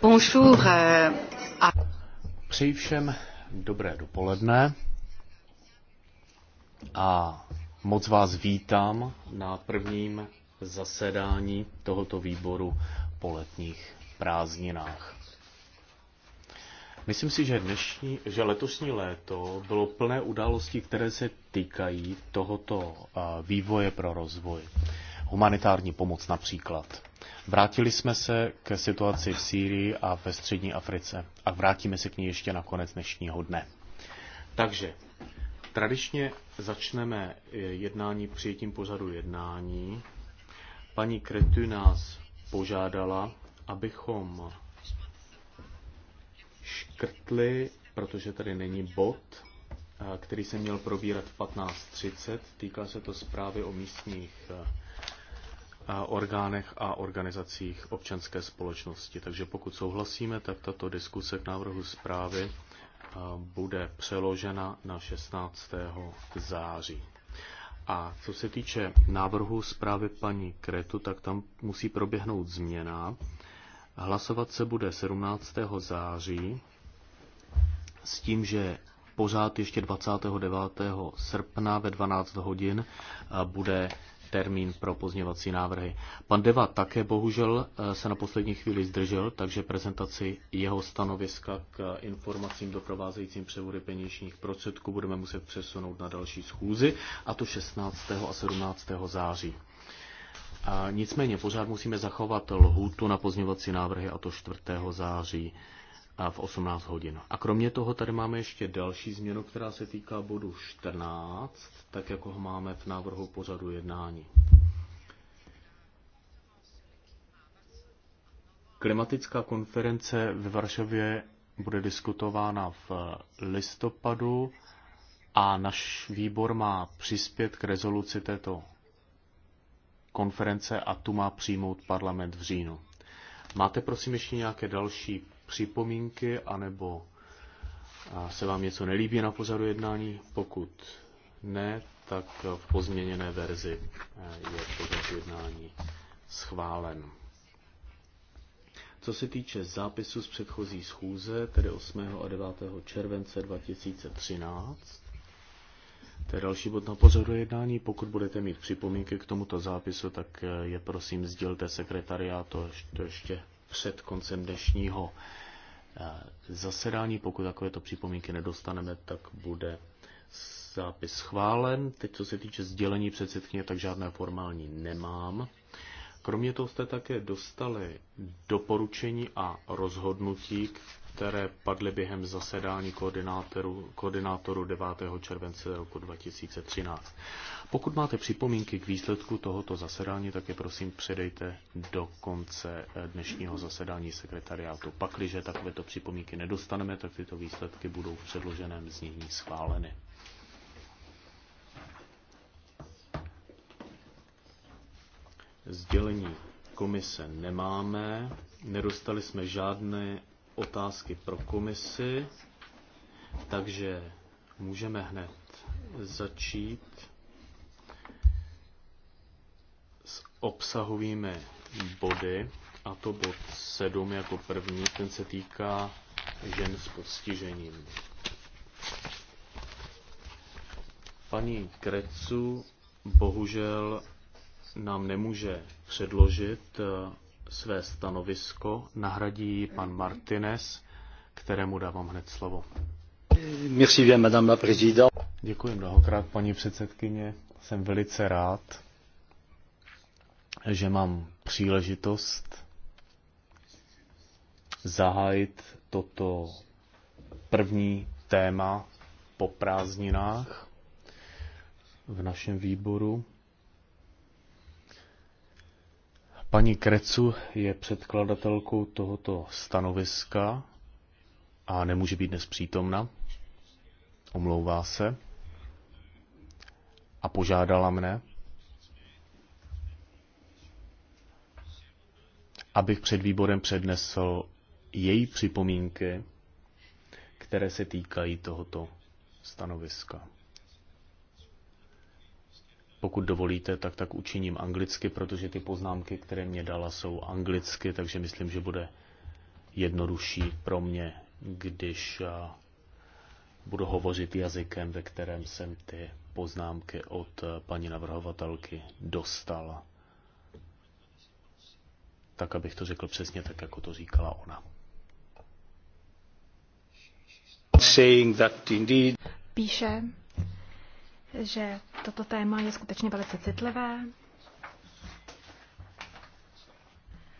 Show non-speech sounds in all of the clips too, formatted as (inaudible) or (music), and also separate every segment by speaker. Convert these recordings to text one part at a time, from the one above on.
Speaker 1: Bonjour. Euh, Přeji všem dobré dopoledne a moc vás vítám na prvním zasedání tohoto výboru po letních prázdninách. Myslím si, že, dnešní, že letošní léto bylo plné událostí, které se týkají tohoto eh, vývoje pro rozvoj. Humanitární pomoc například. Vrátili jsme se k situaci v Sýrii a ve střední Africe a vrátíme se k ní ještě na konec dnešního dne. Takže tradičně začneme eh, jednání přijetím pořadu jednání. Paní Kretu nás požádala, abychom škrtli, protože tady není bod, eh, který se měl probírat v 15.30. Týká se to zprávy o místních eh, orgánech a organizacích občanské společnosti. Takže pokud souhlasíme, tak tato diskuse k návrhu zprávy bude přeložena na 16. září. A co se týče návrhu zprávy paní Kretu, tak tam musí proběhnout změna. Hlasovat se bude 17. září s tím, že pořád ještě 29. srpna ve 12 hodin bude termín pro pozněvací návrhy. Pan Deva také bohužel eh, se na poslední chvíli zdržel, takže prezentaci jeho stanoviska k informacím doprovázejícím převody peněžních prostředků budeme muset přesunout na další schůzi, a to 16. a 17. září. A nicméně pořád musíme zachovat lhůtu na pozněvací návrhy, a to 4. září v 18 hodin. A kromě toho tady máme ještě další změnu, která se týká bodu 14, tak jako ho máme v návrhu pořadu jednání. Klimatická konference ve Varšavě bude diskutována v listopadu a náš výbor má přispět k rezoluci této konference a tu má přijmout parlament v říjnu. Máte prosím ještě nějaké další připomínky, anebo se vám něco nelíbí na pozadu jednání? Pokud ne, tak v pozměněné verzi e, je pořad jednání schválen. Co se týče zápisu z předchozí schůze, tedy 8. a 9. července 2013, to je další bod na pozoru jednání. Pokud budete mít připomínky k tomuto zápisu, tak eh, je prosím sdělte sekretariátu to ještě před koncem dnešního eh, zasedání. Pokud takovéto připomínky nedostaneme, tak bude zápis schválen. Teď, co se týče sdělení předsedkyně, tak žádné formální nemám. Kromě toho jste také dostali doporučení a rozhodnutí které padly během zasedání koordinátoru, koordinátoru 9. července roku 2013. Pokud máte připomínky k výsledku tohoto zasedání, tak je prosím předejte do konce eh, dnešního zasedání sekretariátu. Pakliže takovéto připomínky nedostaneme, tak tyto výsledky budou v předloženém znění schváleny. Sdělení komise nemáme, nedostali jsme žádné otázky pro komisi, takže můžeme hned začít s obsahovými body, a to bod 7 jako první, ten se týká žen s postižením. Paní Krecu bohužel nám nemůže předložit eh, své stanovisko nahradí pan Martinez, kterému dávám hned slovo. Merci bien, madame la présidente. Děkuji mnohokrát, paní předsedkyně. Jsem velice rád, že mám příležitost zahájit toto první téma po prázdninách v našem výboru. Paní Krecu je předkladatelkou tohoto stanoviska a nemůže být dnes přítomna. Omlouvá se a požádala mne, abych před výborem přednesl její připomínky, které se týkají tohoto stanoviska pokud dovolíte, tak tak učiním anglicky, protože ty poznámky, které mě dala, jsou anglicky, takže myslím, že bude jednodušší pro mě, když eh, budu hovořit jazykem, ve kterém jsem ty poznámky od eh, paní navrhovatelky dostal. Tak, abych to řekl přesně tak, jako to říkala ona.
Speaker 2: Píše, že toto téma je skutečně velice citlivé,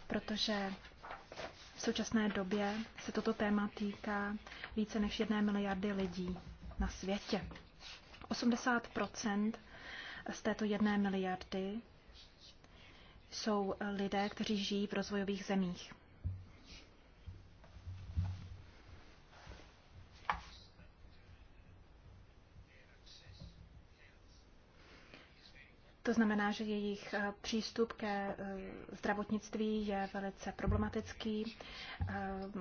Speaker 2: protože v současné době se toto téma týká více než jedné miliardy lidí na světě. 80 z této jedné miliardy jsou lidé, kteří žijí v rozvojových zemích. To znamená, že jejich eh, přístup ke eh, zdravotnictví je velice problematický. Eh,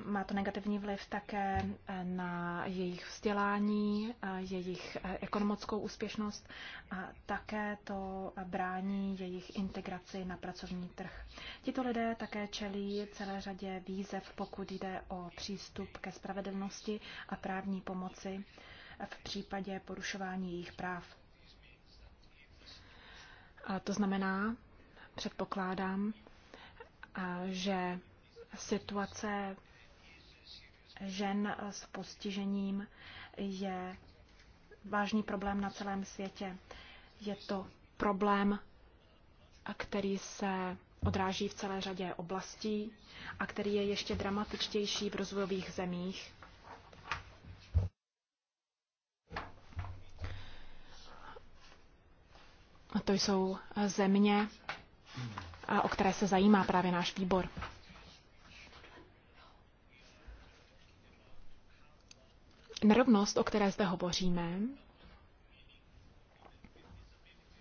Speaker 2: má to negativní vliv také na jejich vzdělání, jejich ekonomickou úspěšnost a také to brání jejich integraci na pracovní trh. Tito lidé také čelí celé řadě výzev, pokud jde o přístup ke spravedlnosti a právní pomoci v případě porušování jejich práv. A to znamená, předpokládám, že situace žen s postižením je vážný problém na celém světě. Je to problém, který se odráží v celé řadě oblastí a který je ještě dramatičtější v rozvojových zemích, To jsou eh, země, eh, o které se zajímá právě náš výbor. Nerovnost, o které zde hovoříme,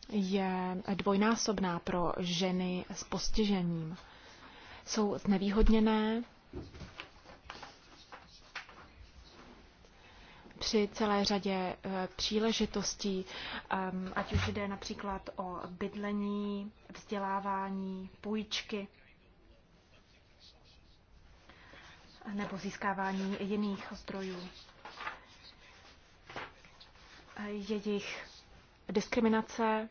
Speaker 2: je dvojnásobná pro ženy s postižením. Jsou znevýhodněné při celé řadě eh, příležitostí, ehm, ať už jde například o bydlení, vzdělávání, půjčky nebo získávání jiných zdrojů. Eh, jejich Diskriminace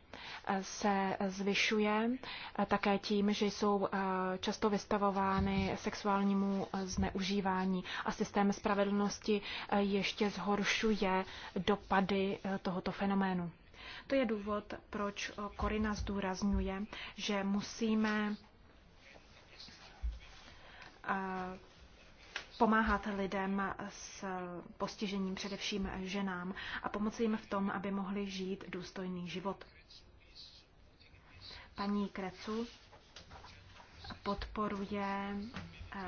Speaker 2: eh, se zvyšuje eh, také tím, že jsou eh, často vystavovány sexuálnímu zneužívání a systém spravedlnosti ještě zhoršuje dopady tohoto fenoménu. To je důvod, proč Korina zdůrazňuje, že musíme pomáhat lidem s postižením, především ženám, a pomoci jim v tom, aby mohli žít důstojný život. Paní Krecu podporuje eh,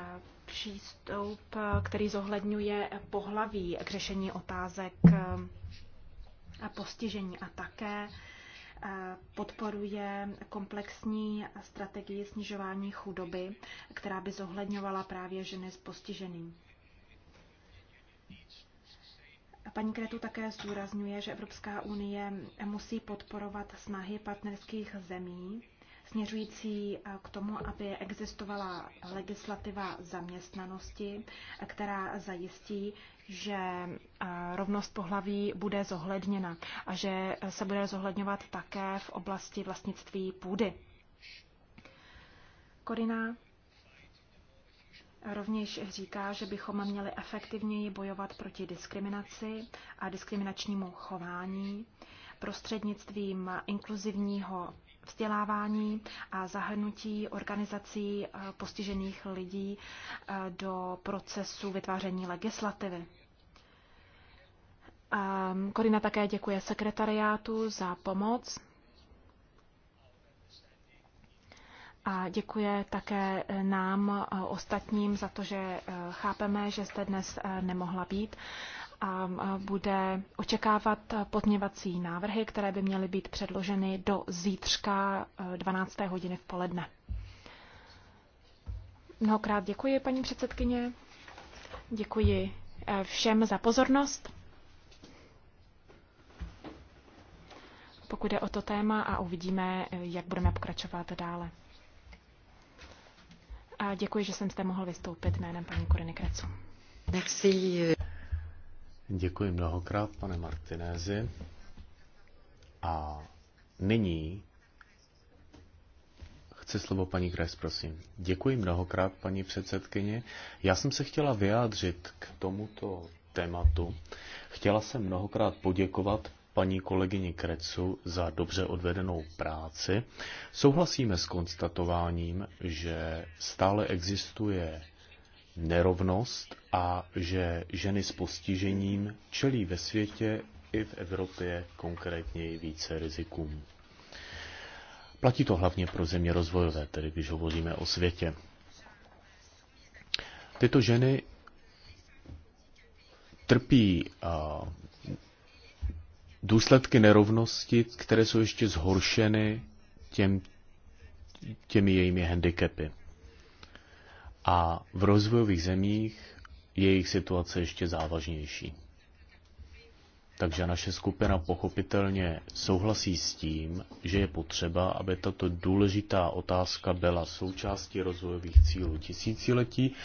Speaker 2: přístup, který zohledňuje pohlaví k řešení otázek a eh, postižení a také podporuje komplexní strategii snižování chudoby, která by zohledňovala právě ženy s postiženým. Paní Kretu také zdůrazňuje, že Evropská unie musí podporovat snahy partnerských zemí směřující eh, k tomu, aby existovala legislativa zaměstnanosti, která zajistí, že eh, rovnost pohlaví bude zohledněna a že eh, se bude zohledňovat také v oblasti vlastnictví půdy. Korina rovněž říká, že bychom měli efektivněji bojovat proti diskriminaci a diskriminačnímu chování prostřednictvím inkluzivního vzdělávání a zahrnutí organizací eh, postižených lidí eh, do procesu vytváření legislativy. Ehm, Korina také děkuje sekretariátu za pomoc a děkuje také eh, nám ostatním za to, že chápeme, že jste dnes nemohla být a bude očekávat podněvací návrhy, které by měly být předloženy do zítřka 12. Eh, hodiny v poledne. Mnohokrát děkuji, paní předsedkyně. Děkuji eh, všem za pozornost. Pokud je o to téma a uvidíme, eh, jak budeme pokračovat dále. A děkuji, že jsem zde mohl vystoupit jménem paní Koriny Krecu.
Speaker 1: Merci. Děkuji mnohokrát, pane Martinézi. A nyní chce slovo paní Kres, prosím. Děkuji mnohokrát, paní předsedkyně. Já jsem se chtěla vyjádřit k tomuto tématu. Chtěla jsem mnohokrát poděkovat paní kolegyni Krecu za dobře odvedenou práci. Souhlasíme s konstatováním, že stále existuje nerovnost a že ženy s postižením čelí ve světě i v Evropě konkrétně více rizikům. Platí to hlavně pro země rozvojové, tedy když hovoříme o světě. Tyto ženy trpí důsledky nerovnosti, které jsou ještě zhoršeny těm, těmi jejími handicapy a v rozvojových zemích je jejich situace ještě závažnější. Takže naše skupina pochopitelně souhlasí s tím, že je potřeba, aby tato důležitá otázka byla součástí rozvojových cílů tisíciletí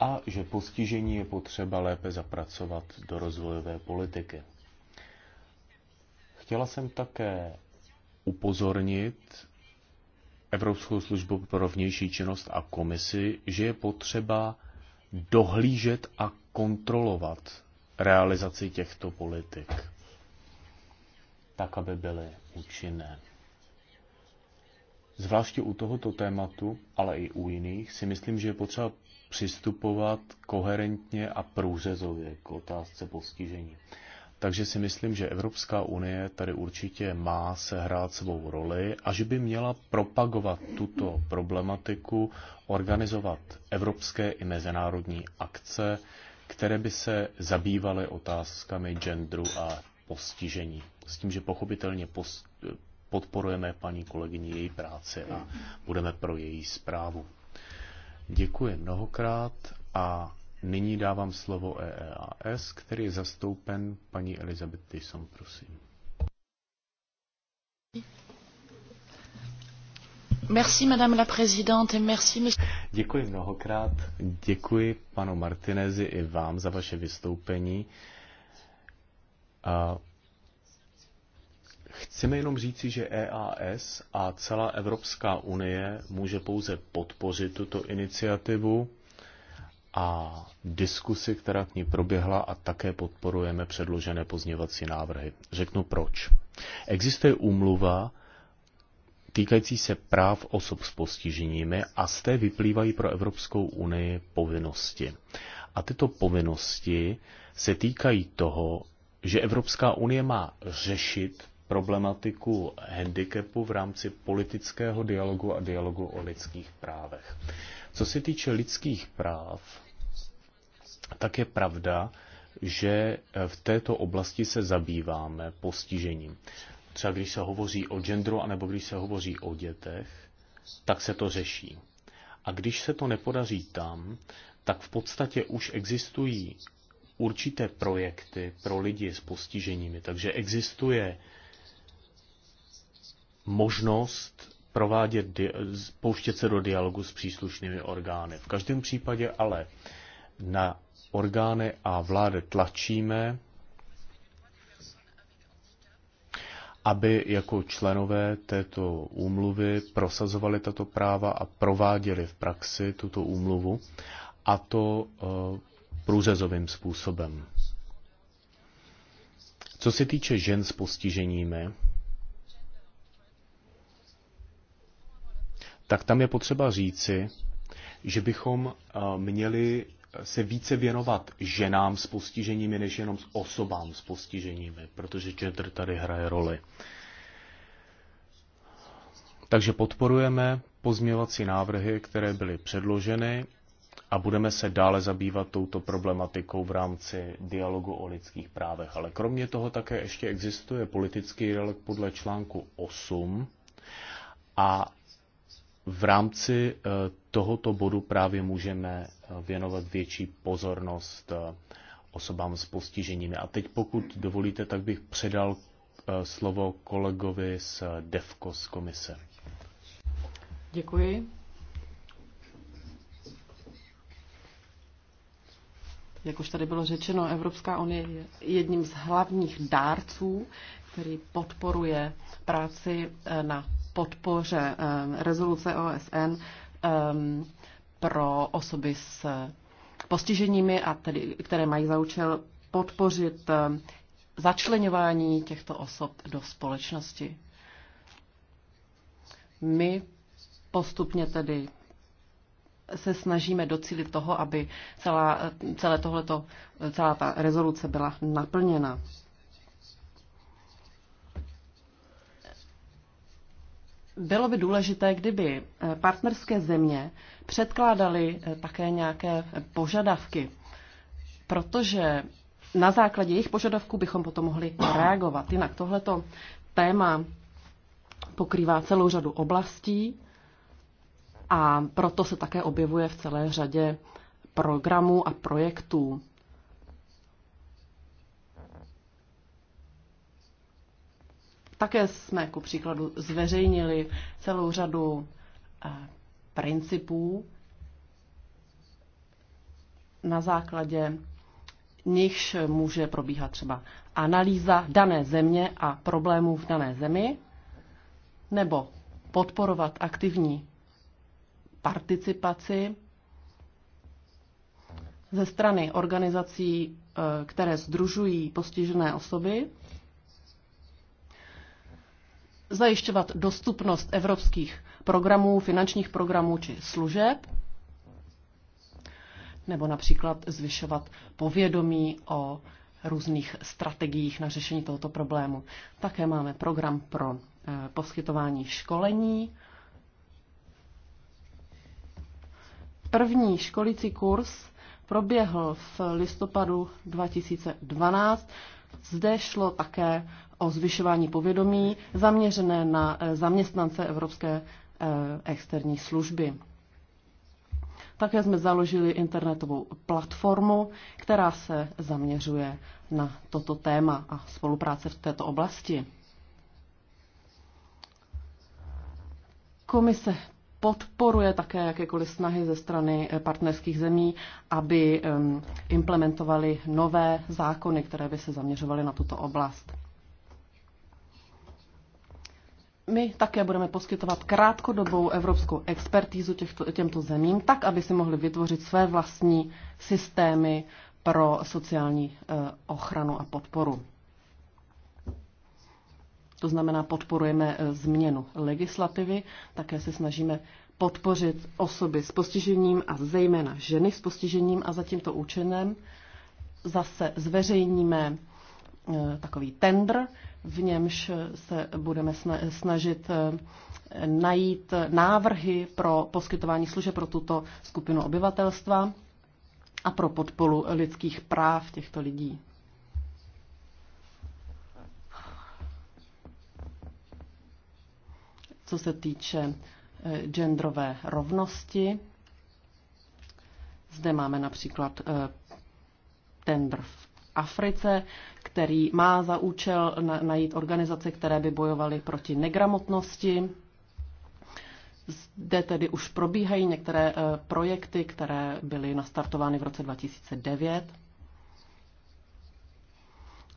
Speaker 1: a že postižení je potřeba lépe zapracovat do rozvojové politiky. Chtěla jsem také upozornit Evropskou službu pro vnější činnost a komisi, že je potřeba dohlížet a kontrolovat realizaci těchto politik, tak aby byly účinné. Zvláště u tohoto tématu, ale i u jiných, si myslím, že je potřeba přistupovat koherentně a průřezově k otázce postižení. Takže si myslím, že Evropská unie tady určitě má sehrát svou roli a že by měla propagovat tuto problematiku, organizovat evropské i mezinárodní akce, které by se zabývaly otázkami genderu a postižení. S tím, že pochopitelně podporujeme paní kolegyni její práci a budeme pro její zprávu. Děkuji mnohokrát a Nyní dávám slovo EEAS, který je zastoupen paní Elizabeth Tyson, prosím.
Speaker 2: Merci, madame la présidente, et merci,
Speaker 1: Děkuji mnohokrát. Děkuji panu Martinezi i vám za vaše vystoupení. A chceme jenom říci, že EAS a celá Evropská unie může pouze podpořit tuto iniciativu a diskusi, která k ní proběhla a také podporujeme předložené pozněvací návrhy. Řeknu proč. Existuje úmluva týkající se práv osob s postiženími a z té vyplývají pro Evropskou unii povinnosti. A tyto povinnosti se týkají toho, že Evropská unie má řešit problematiku handicapu v rámci politického dialogu a dialogu o lidských právech. Co se týče lidských práv, tak je pravda, že eh, v této oblasti se zabýváme postižením. Třeba když se hovoří o genderu, anebo když se hovoří o dětech, tak se to řeší. A když se to nepodaří tam, tak v podstatě už existují určité projekty pro lidi s postiženími. Takže existuje možnost provádět, pouštět se do dialogu s příslušnými orgány. V každém případě ale na orgány a vlády tlačíme, aby jako členové této úmluvy prosazovali tato práva a prováděli v praxi tuto úmluvu, a to eh, průřezovým způsobem. Co se týče žen s postiženími, tak tam je potřeba říci, že bychom eh, měli se více věnovat ženám s postiženími, než jenom s osobám s postiženími, protože gender tady hraje roli. Takže podporujeme pozměvací návrhy, které byly předloženy a budeme se dále zabývat touto problematikou v rámci dialogu o lidských právech. Ale kromě toho také ještě existuje politický dialog podle článku 8 a v rámci eh, tohoto bodu právě můžeme eh, věnovat větší pozornost eh, osobám s postiženími. A teď, pokud dovolíte, tak bych předal slovo kolegovi z DEFCO z komise.
Speaker 3: Děkuji. Jak už tady bylo řečeno, Evropská unie je jedním z hlavních dárců, který podporuje práci na podpoře ehm, rezoluce OSN ehm, pro osoby s postiženími, a tedy, které mají za účel podpořit ehm, začlenování těchto osob do společnosti. My postupně tedy se snažíme docílit toho, aby celá, celé tohleto, celá ta rezoluce byla naplněna. bylo by důležité, kdyby eh, partnerské země předkládaly eh, také nějaké eh, požadavky, protože na základě jejich požadavků bychom potom mohli reagovat. Jinak tohleto téma pokrývá celou řadu oblastí a proto se také objevuje v celé řadě programů a projektů. Také jsme ku příkladu zveřejnili celou řadu eh, principů, na základě nichž může probíhat třeba analýza dané země a problémů v dané zemi, nebo podporovat aktivní participaci ze strany organizací, eh, které združují postižené osoby zajišťovat dostupnost evropských programů, finančních programů či služeb, nebo například zvyšovat povědomí o různých strategiích na řešení tohoto problému. Také máme program pro eh, poskytování školení. První školící kurz proběhl v listopadu 2012. Zde šlo také o zvyšování povědomí zaměřené na e, zaměstnance Evropské e, externí služby. Také jsme založili internetovou platformu, která se zaměřuje na toto téma a spolupráce v této oblasti. Komise podporuje také jakékoliv snahy ze strany e, partnerských zemí, aby implementovali nové zákony, které by se zaměřovaly na tuto oblast. My také budeme poskytovat krátkodobou evropskou expertízu těchto, těmto zemím, tak, aby si mohli vytvořit své vlastní systémy pro sociální eh, ochranu a podporu. To znamená, podporujeme eh, změnu legislativy, také se snažíme podpořit osoby s postižením a zejména ženy s postižením a za tímto účinem zase zveřejníme eh, takový tender, v němž se budeme snažit eh, najít návrhy pro poskytování služeb pro tuto skupinu obyvatelstva a pro podporu lidských práv těchto lidí. Co se týče eh, genderové rovnosti, zde máme například eh, tender v Africe, který má za účel najít organizace, které by bojovaly proti negramotnosti. Zde tedy už probíhají některé eh, projekty, které byly nastartovány v roce 2009.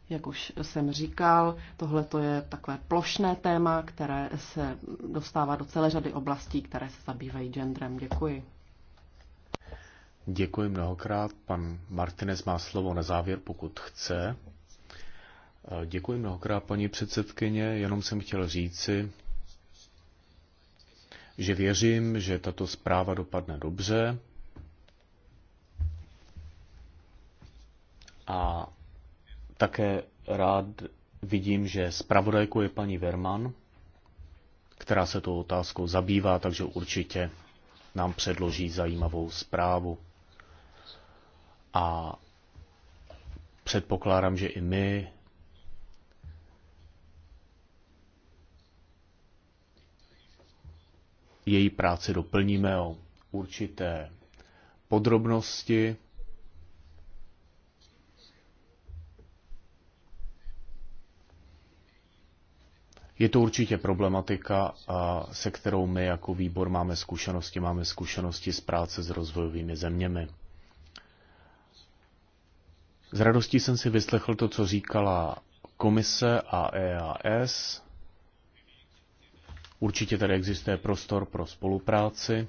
Speaker 3: Jak už jsem říkal, tohle je takové plošné téma, které se dostává do celé řady oblastí, které se zabývají genderem. Děkuji.
Speaker 1: Děkuji mnohokrát. Pan Martinez má slovo na závěr, pokud chce. Eh, děkuji mnohokrát, paní předsedkyně. Jenom jsem chtěl říci, že věřím, že tato zpráva dopadne dobře a také rád vidím, že zpravodajkou je paní Verman, která se tou otázkou zabývá, takže určitě nám předloží zajímavou zprávu. A předpokládám, že i my její práci doplníme o určité podrobnosti. Je to určitě problematika, se kterou my jako výbor máme zkušenosti. Máme zkušenosti z práce s rozvojovými zeměmi. S radostí jsem si vyslechl to, co říkala komise a EAS. Určitě tady existuje prostor pro spolupráci.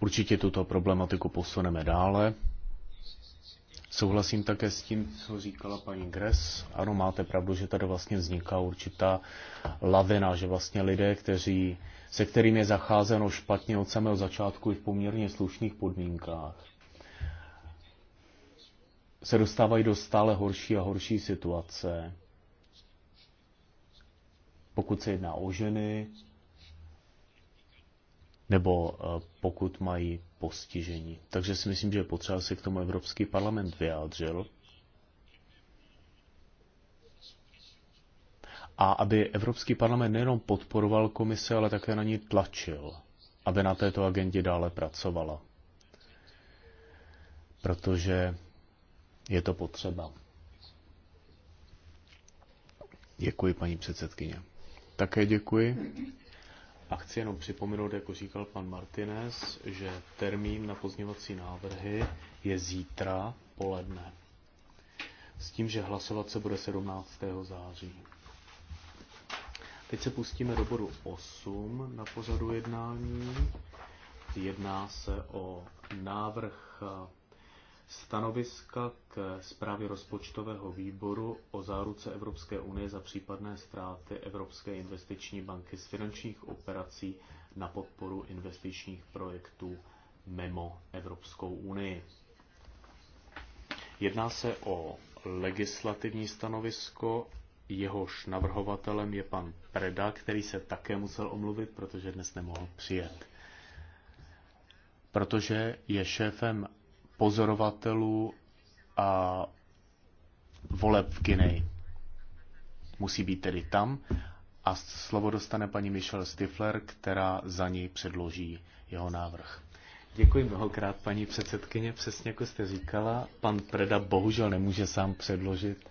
Speaker 1: Určitě tuto problematiku posuneme dále. Souhlasím také s tím, co říkala paní Gres. Ano, máte pravdu, že tady vlastně vzniká určitá lavina, že vlastně lidé, kteří, se kterými je zacházeno špatně od samého začátku i v poměrně slušných podmínkách, se dostávají do stále horší a horší situace. Pokud se jedná o ženy, nebo eh, pokud mají postižení. Takže si myslím, že je potřeba se k tomu Evropský parlament vyjádřil. A aby Evropský parlament nejenom podporoval komise, ale také na ní tlačil, aby na této agendě dále pracovala. Protože je to potřeba. Děkuji, paní předsedkyně. Také děkuji. A chci jenom připomenout, jako říkal pan Martinez, že termín na pozněvací návrhy je zítra poledne. S tím, že hlasovat se bude 17. září. Teď se pustíme do bodu 8 na pořadu jednání. Jedná se o návrh stanoviska k zprávě rozpočtového výboru o záruce Evropské unie za případné ztráty Evropské investiční banky z finančních operací na podporu investičních projektů mimo Evropskou unii. Jedná se o legislativní stanovisko, jehož navrhovatelem je pan Preda, který se také musel omluvit, protože dnes nemohl přijet. Protože je šéfem pozorovatelů a voleb v Gineji. Musí být tedy tam a slovo dostane paní Michelle Stifler, která za ní předloží jeho návrh. Děkuji mnohokrát, paní předsedkyně. Přesně jako jste říkala, pan Preda bohužel nemůže sám předložit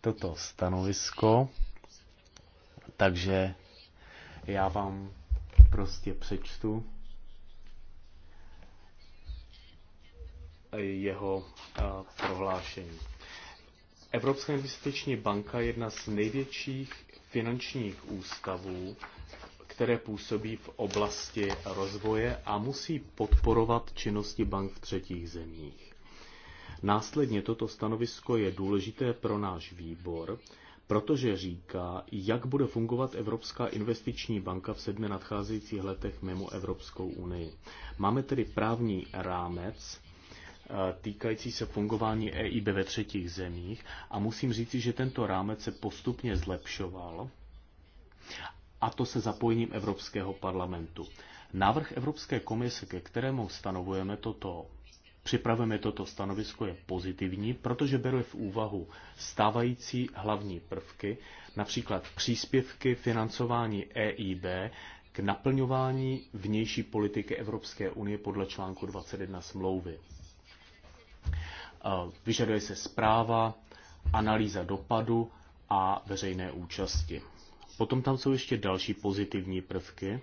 Speaker 1: toto stanovisko, takže já vám prostě přečtu jeho prohlášení. Evropská investiční banka je jedna z největších finančních ústavů, které působí v oblasti rozvoje a musí podporovat činnosti bank v třetích zemích. Následně toto stanovisko je důležité pro náš výbor, protože říká, jak bude fungovat Evropská investiční banka v sedmi nadcházejících letech mimo Evropskou unii. Máme tedy právní rámec, Eh, týkající se fungování EIB ve třetích zemích a musím říci, že tento rámec se postupně zlepšoval a to se zapojením Evropského parlamentu. Návrh Evropské komise, ke kterému stanovujeme toto, připravujeme toto stanovisko, je pozitivní, protože bere v úvahu stávající hlavní prvky, například příspěvky financování EIB k naplňování vnější politiky Evropské unie podle článku 21 smlouvy. Eh, vyžaduje se zpráva, analýza dopadu a veřejné účasti. Potom tam jsou ještě další pozitivní prvky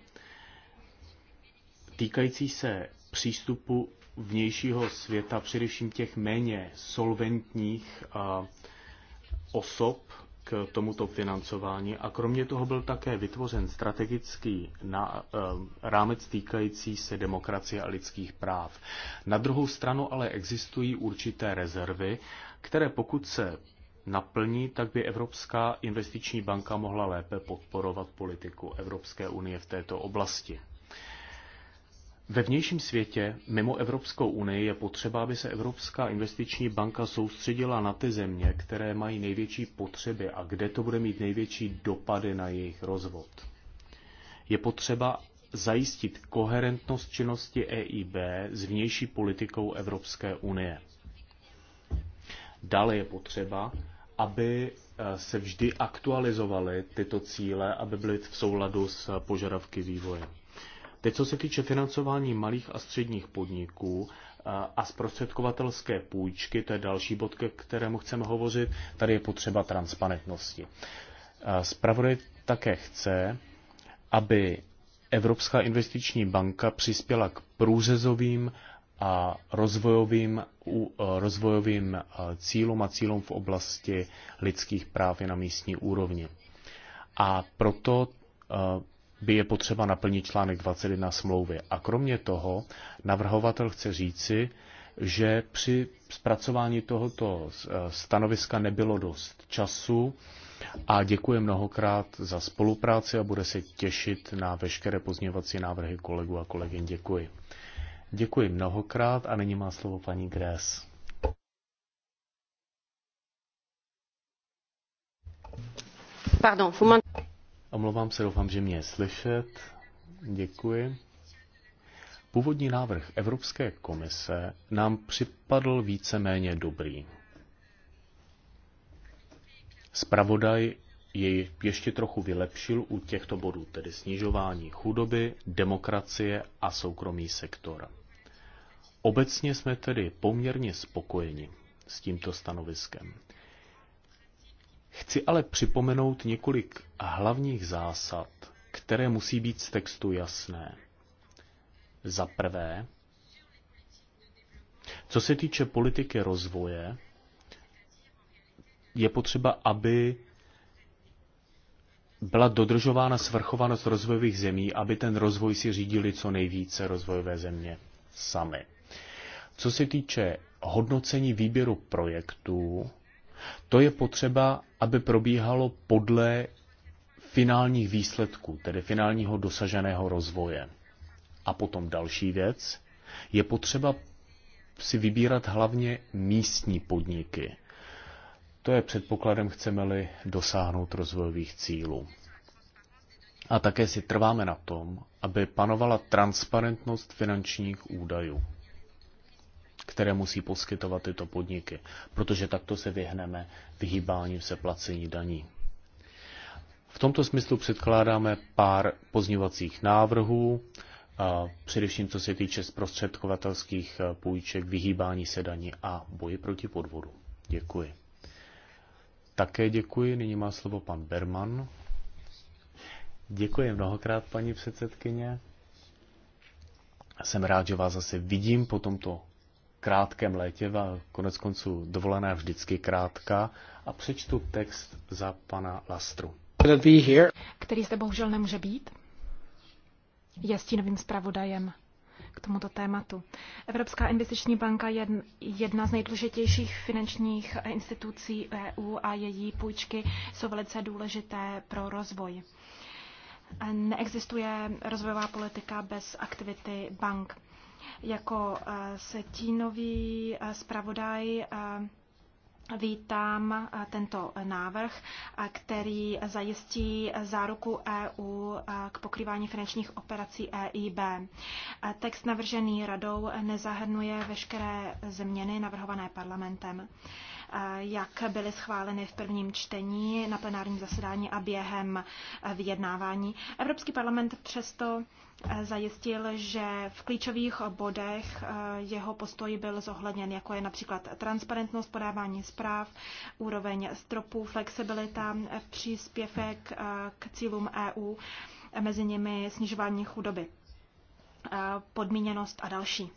Speaker 1: týkající se přístupu vnějšího světa, především těch méně solventních eh, osob k tomuto financování a kromě toho byl také vytvořen strategický na, eh, rámec týkající se demokracie a lidských práv. Na druhou stranu ale existují určité rezervy, které pokud se naplní, tak by Evropská investiční banka mohla lépe podporovat politiku Evropské unie v této oblasti. Ve vnějším světě, mimo Evropskou unii, je potřeba, aby se Evropská investiční banka soustředila na ty země, které mají největší potřeby a kde to bude mít největší dopady na jejich rozvod. Je potřeba zajistit koherentnost činnosti EIB s vnější politikou Evropské unie. Dále je potřeba, aby eh, se vždy aktualizovaly tyto cíle, aby byly v souladu s požadavky vývoje. Teď, co se týče financování malých a středních podniků eh, a zprostředkovatelské půjčky, to je další bod, ke kterému chceme hovořit, tady je potřeba transparentnosti. Spravodaj eh, také chce, aby Evropská investiční banka přispěla k průřezovým a rozvojovým, eh, rozvojovým cílům a cílům v oblasti lidských práv na místní úrovni. A proto by je potřeba naplnit článek 21 smlouvy. A kromě toho navrhovatel chce říci, že při zpracování tohoto eh, stanoviska nebylo dost času a děkuji mnohokrát za spolupráci a bude se těšit na veškeré pozměňovací návrhy kolegů a kolegyn. Děkuji. Děkuji mnohokrát a nyní má slovo paní Grés. Pardon, vous Omlouvám se, doufám, že mě je slyšet. Děkuji. Původní návrh Evropské komise nám připadl víceméně dobrý. Spravodaj jej ještě trochu vylepšil u těchto bodů, tedy snižování chudoby, demokracie a soukromý sektor. Obecně jsme tedy poměrně spokojeni s tímto stanoviskem. Chci ale připomenout několik hlavních zásad, které musí být z textu jasné. Za prvé, co se týče politiky rozvoje, je potřeba, aby byla dodržována svrchovanost rozvojových zemí, aby ten rozvoj si řídili co nejvíce rozvojové země sami. Co se týče hodnocení výběru projektů, to je potřeba, aby probíhalo podle finálních výsledků, tedy finálního dosaženého rozvoje. A potom další věc, je potřeba si vybírat hlavně místní podniky. To je předpokladem, chceme-li dosáhnout rozvojových cílů. A také si trváme na tom, aby panovala transparentnost finančních údajů které musí poskytovat tyto podniky, protože takto se vyhneme vyhýbáním se placení daní. V tomto smyslu předkládáme pár pozňovacích návrhů, a především co se týče zprostředkovatelských e, půjček, vyhýbání se daní a boji proti podvodu. Děkuji. Také děkuji. Nyní má slovo pan Berman. Děkuji mnohokrát, paní předsedkyně. Jsem rád, že vás zase vidím po tomto krátkém létě, konec konců dovolená vždycky krátká, a přečtu text za pana Lastru.
Speaker 2: Který zde bohužel nemůže být? Je stínovým zpravodajem k tomuto tématu. Evropská investiční banka je jedna z nejdůležitějších finančních institucí EU a její půjčky jsou velice důležité pro rozvoj. Neexistuje rozvojová politika bez aktivity bank. Jako eh, setínový eh, zpravodaj eh, vítám tento návrh, který zajistí záruku EU k pokrývání finančních operací EIB. Text navržený radou nezahrnuje veškeré změny navrhované parlamentem jak byly schváleny v prvním čtení na plenárním zasedání a během vyjednávání. Evropský parlament přesto Eh, zajistil, že v klíčových bodech eh, jeho postoj byl zohledněn, jako je například transparentnost podávání zpráv, úroveň stropů, flexibilita, eh, příspěvek k cílům EU, mezi nimi snižování chudoby, podmíněnost a další.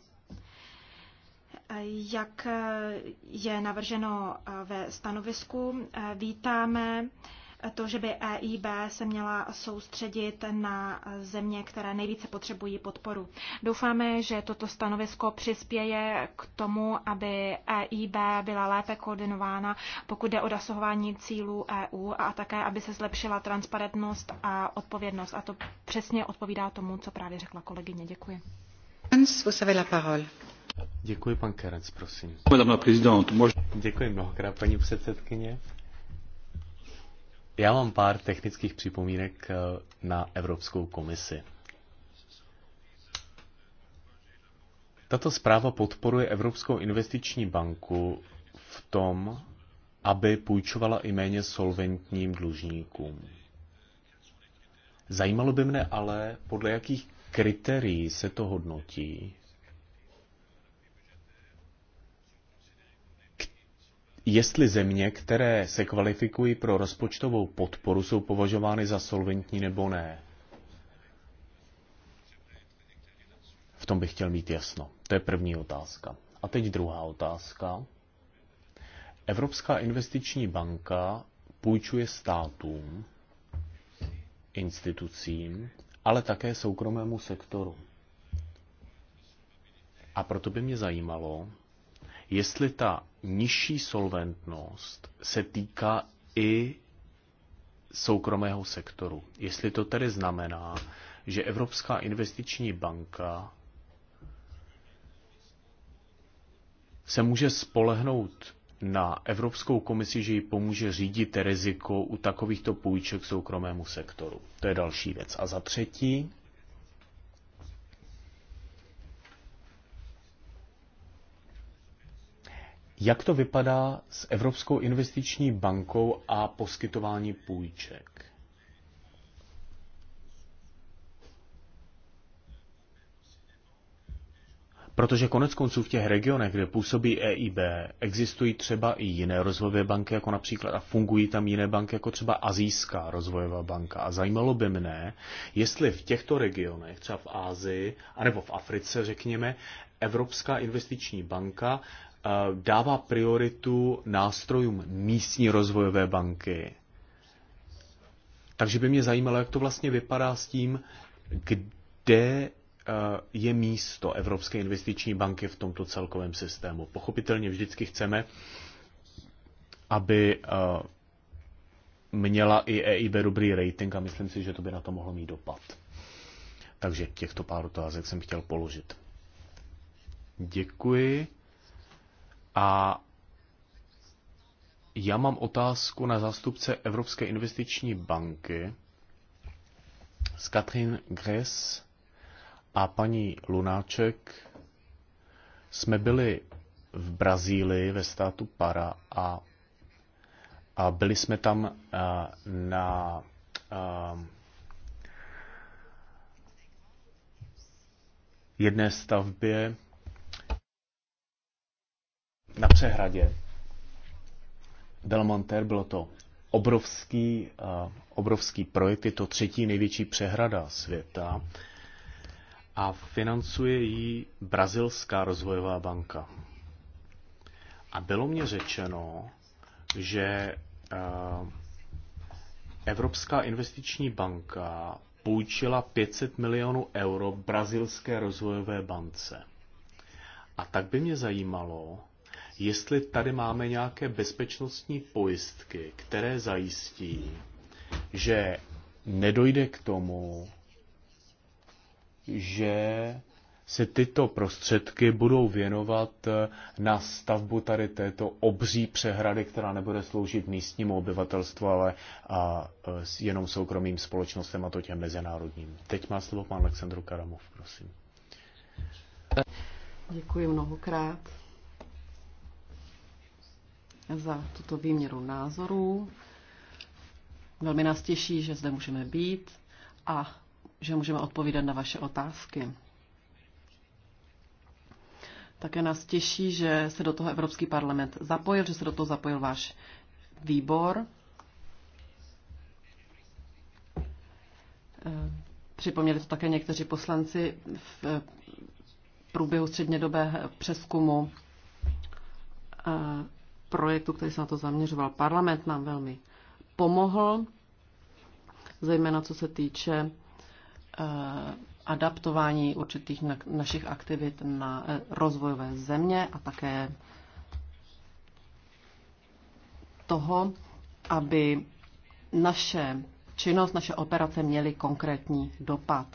Speaker 2: Jak je navrženo ve stanovisku, vítáme to, že by EIB se měla soustředit na země, které nejvíce potřebují podporu. Doufáme, že toto stanovisko přispěje k tomu, aby EIB byla lépe koordinována, pokud jde o dosahování cílů EU a také, aby se zlepšila transparentnost a odpovědnost. A to přesně odpovídá tomu, co právě řekla kolegyně. Děkuji.
Speaker 1: Děkuji, pan Kerec, prosím. Děkuji mnohokrát, paní předsedkyně. Já mám pár technických připomínek eh, na Evropskou komisi. Tato zpráva podporuje Evropskou investiční banku v tom, aby půjčovala i méně solventním dlužníkům. Zajímalo by mne ale, podle jakých kritérií se to hodnotí jestli země, které se kvalifikují pro rozpočtovou podporu, jsou považovány za solventní nebo ne. V tom bych chtěl mít jasno. To je první otázka. A teď druhá otázka. Evropská investiční banka půjčuje státům, institucím, ale také soukromému sektoru. A proto by mě zajímalo, jestli ta nižší solventnost se týká i soukromého sektoru. Jestli to tedy znamená, že Evropská investiční banka se může spolehnout na Evropskou komisi, že ji pomůže řídit riziko u takovýchto půjček soukromému sektoru. To je další věc. A za třetí, Jak to vypadá s Evropskou investiční bankou a poskytování půjček? Protože konec konců v těch regionech, kde působí EIB, existují třeba i jiné rozvojové banky, jako například, a fungují tam jiné banky, jako třeba Azijská rozvojová banka. A zajímalo by mne, jestli v těchto regionech, třeba v Ázii, anebo v Africe, řekněme, Evropská investiční banka Eh, dává prioritu nástrojům místní rozvojové banky. Takže by mě zajímalo, jak to vlastně vypadá s tím, kde eh, je místo Evropské investiční banky v tomto celkovém systému. Pochopitelně vždycky chceme, aby eh, měla i EIB dobrý rating a myslím si, že to by na to mohlo mít dopad. Takže těchto pár otázek jsem chtěl položit. Děkuji. A já mám otázku na zástupce Evropské investiční banky s Katrin Gres a paní Lunáček. Jsme byli v Brazílii ve státu Para a, a byli jsme tam uh, na uh, jedné stavbě na přehradě Belmonter, bylo to obrovský, eh, obrovský projekt, je to třetí největší přehrada světa a financuje ji Brazilská rozvojová banka. A bylo mě řečeno, že eh, Evropská investiční banka půjčila 500 milionů euro brazilské rozvojové bance. A tak by mě zajímalo, jestli tady máme nějaké bezpečnostní pojistky, které zajistí, že nedojde k tomu, že se tyto prostředky budou věnovat eh, na stavbu tady této obří přehrady, která nebude sloužit místnímu obyvatelstvu, ale a, eh, jenom soukromým společnostem a to těm mezinárodním. Teď má slovo pan Aleksandr Karamov, prosím.
Speaker 3: Děkuji mnohokrát za tuto výměru názorů. Velmi nás těší, že zde můžeme být a že můžeme odpovídat na vaše otázky. Také nás těší, že se do toho Evropský parlament zapojil, že se do toho zapojil váš výbor. Eh, připomněli to také někteří poslanci v eh, průběhu střednědobého přeskumu eh, projektu, který se na to zaměřoval. Parlament nám velmi pomohl, zejména co se týče eh, adaptování určitých našich aktivit na eh, rozvojové země a také toho, aby naše činnost, naše operace měly konkrétní dopad.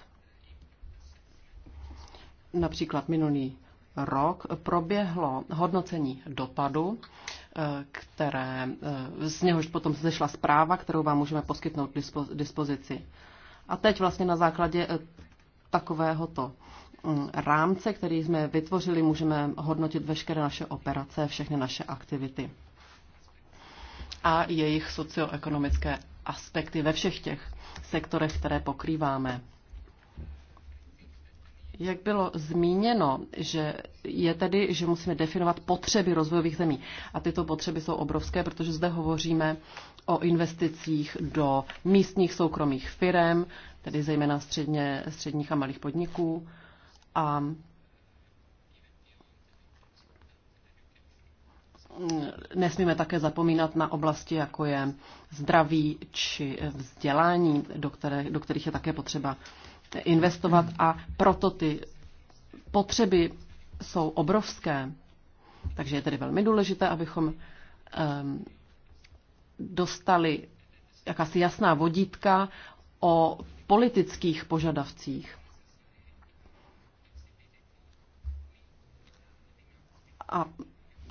Speaker 3: Například minulý rok proběhlo hodnocení dopadu které, eh, z něhož potom zešla zpráva, kterou vám můžeme poskytnout k dispozici. A teď vlastně na základě eh, takovéhoto mm, rámce, který jsme vytvořili, můžeme hodnotit veškeré naše operace, všechny naše aktivity a jejich socioekonomické aspekty ve všech těch sektorech, které pokrýváme. Jak bylo zmíněno, že je tedy, že musíme definovat potřeby rozvojových zemí. A tyto potřeby jsou obrovské, protože zde hovoříme o investicích do místních soukromých firm, tedy zejména středně, středních a malých podniků. A nesmíme také zapomínat na oblasti, jako je zdraví či vzdělání, do, které, do kterých je také potřeba investovat a proto ty potřeby jsou obrovské. Takže je tedy velmi důležité, abychom um, dostali jakási jasná vodítka o politických požadavcích. A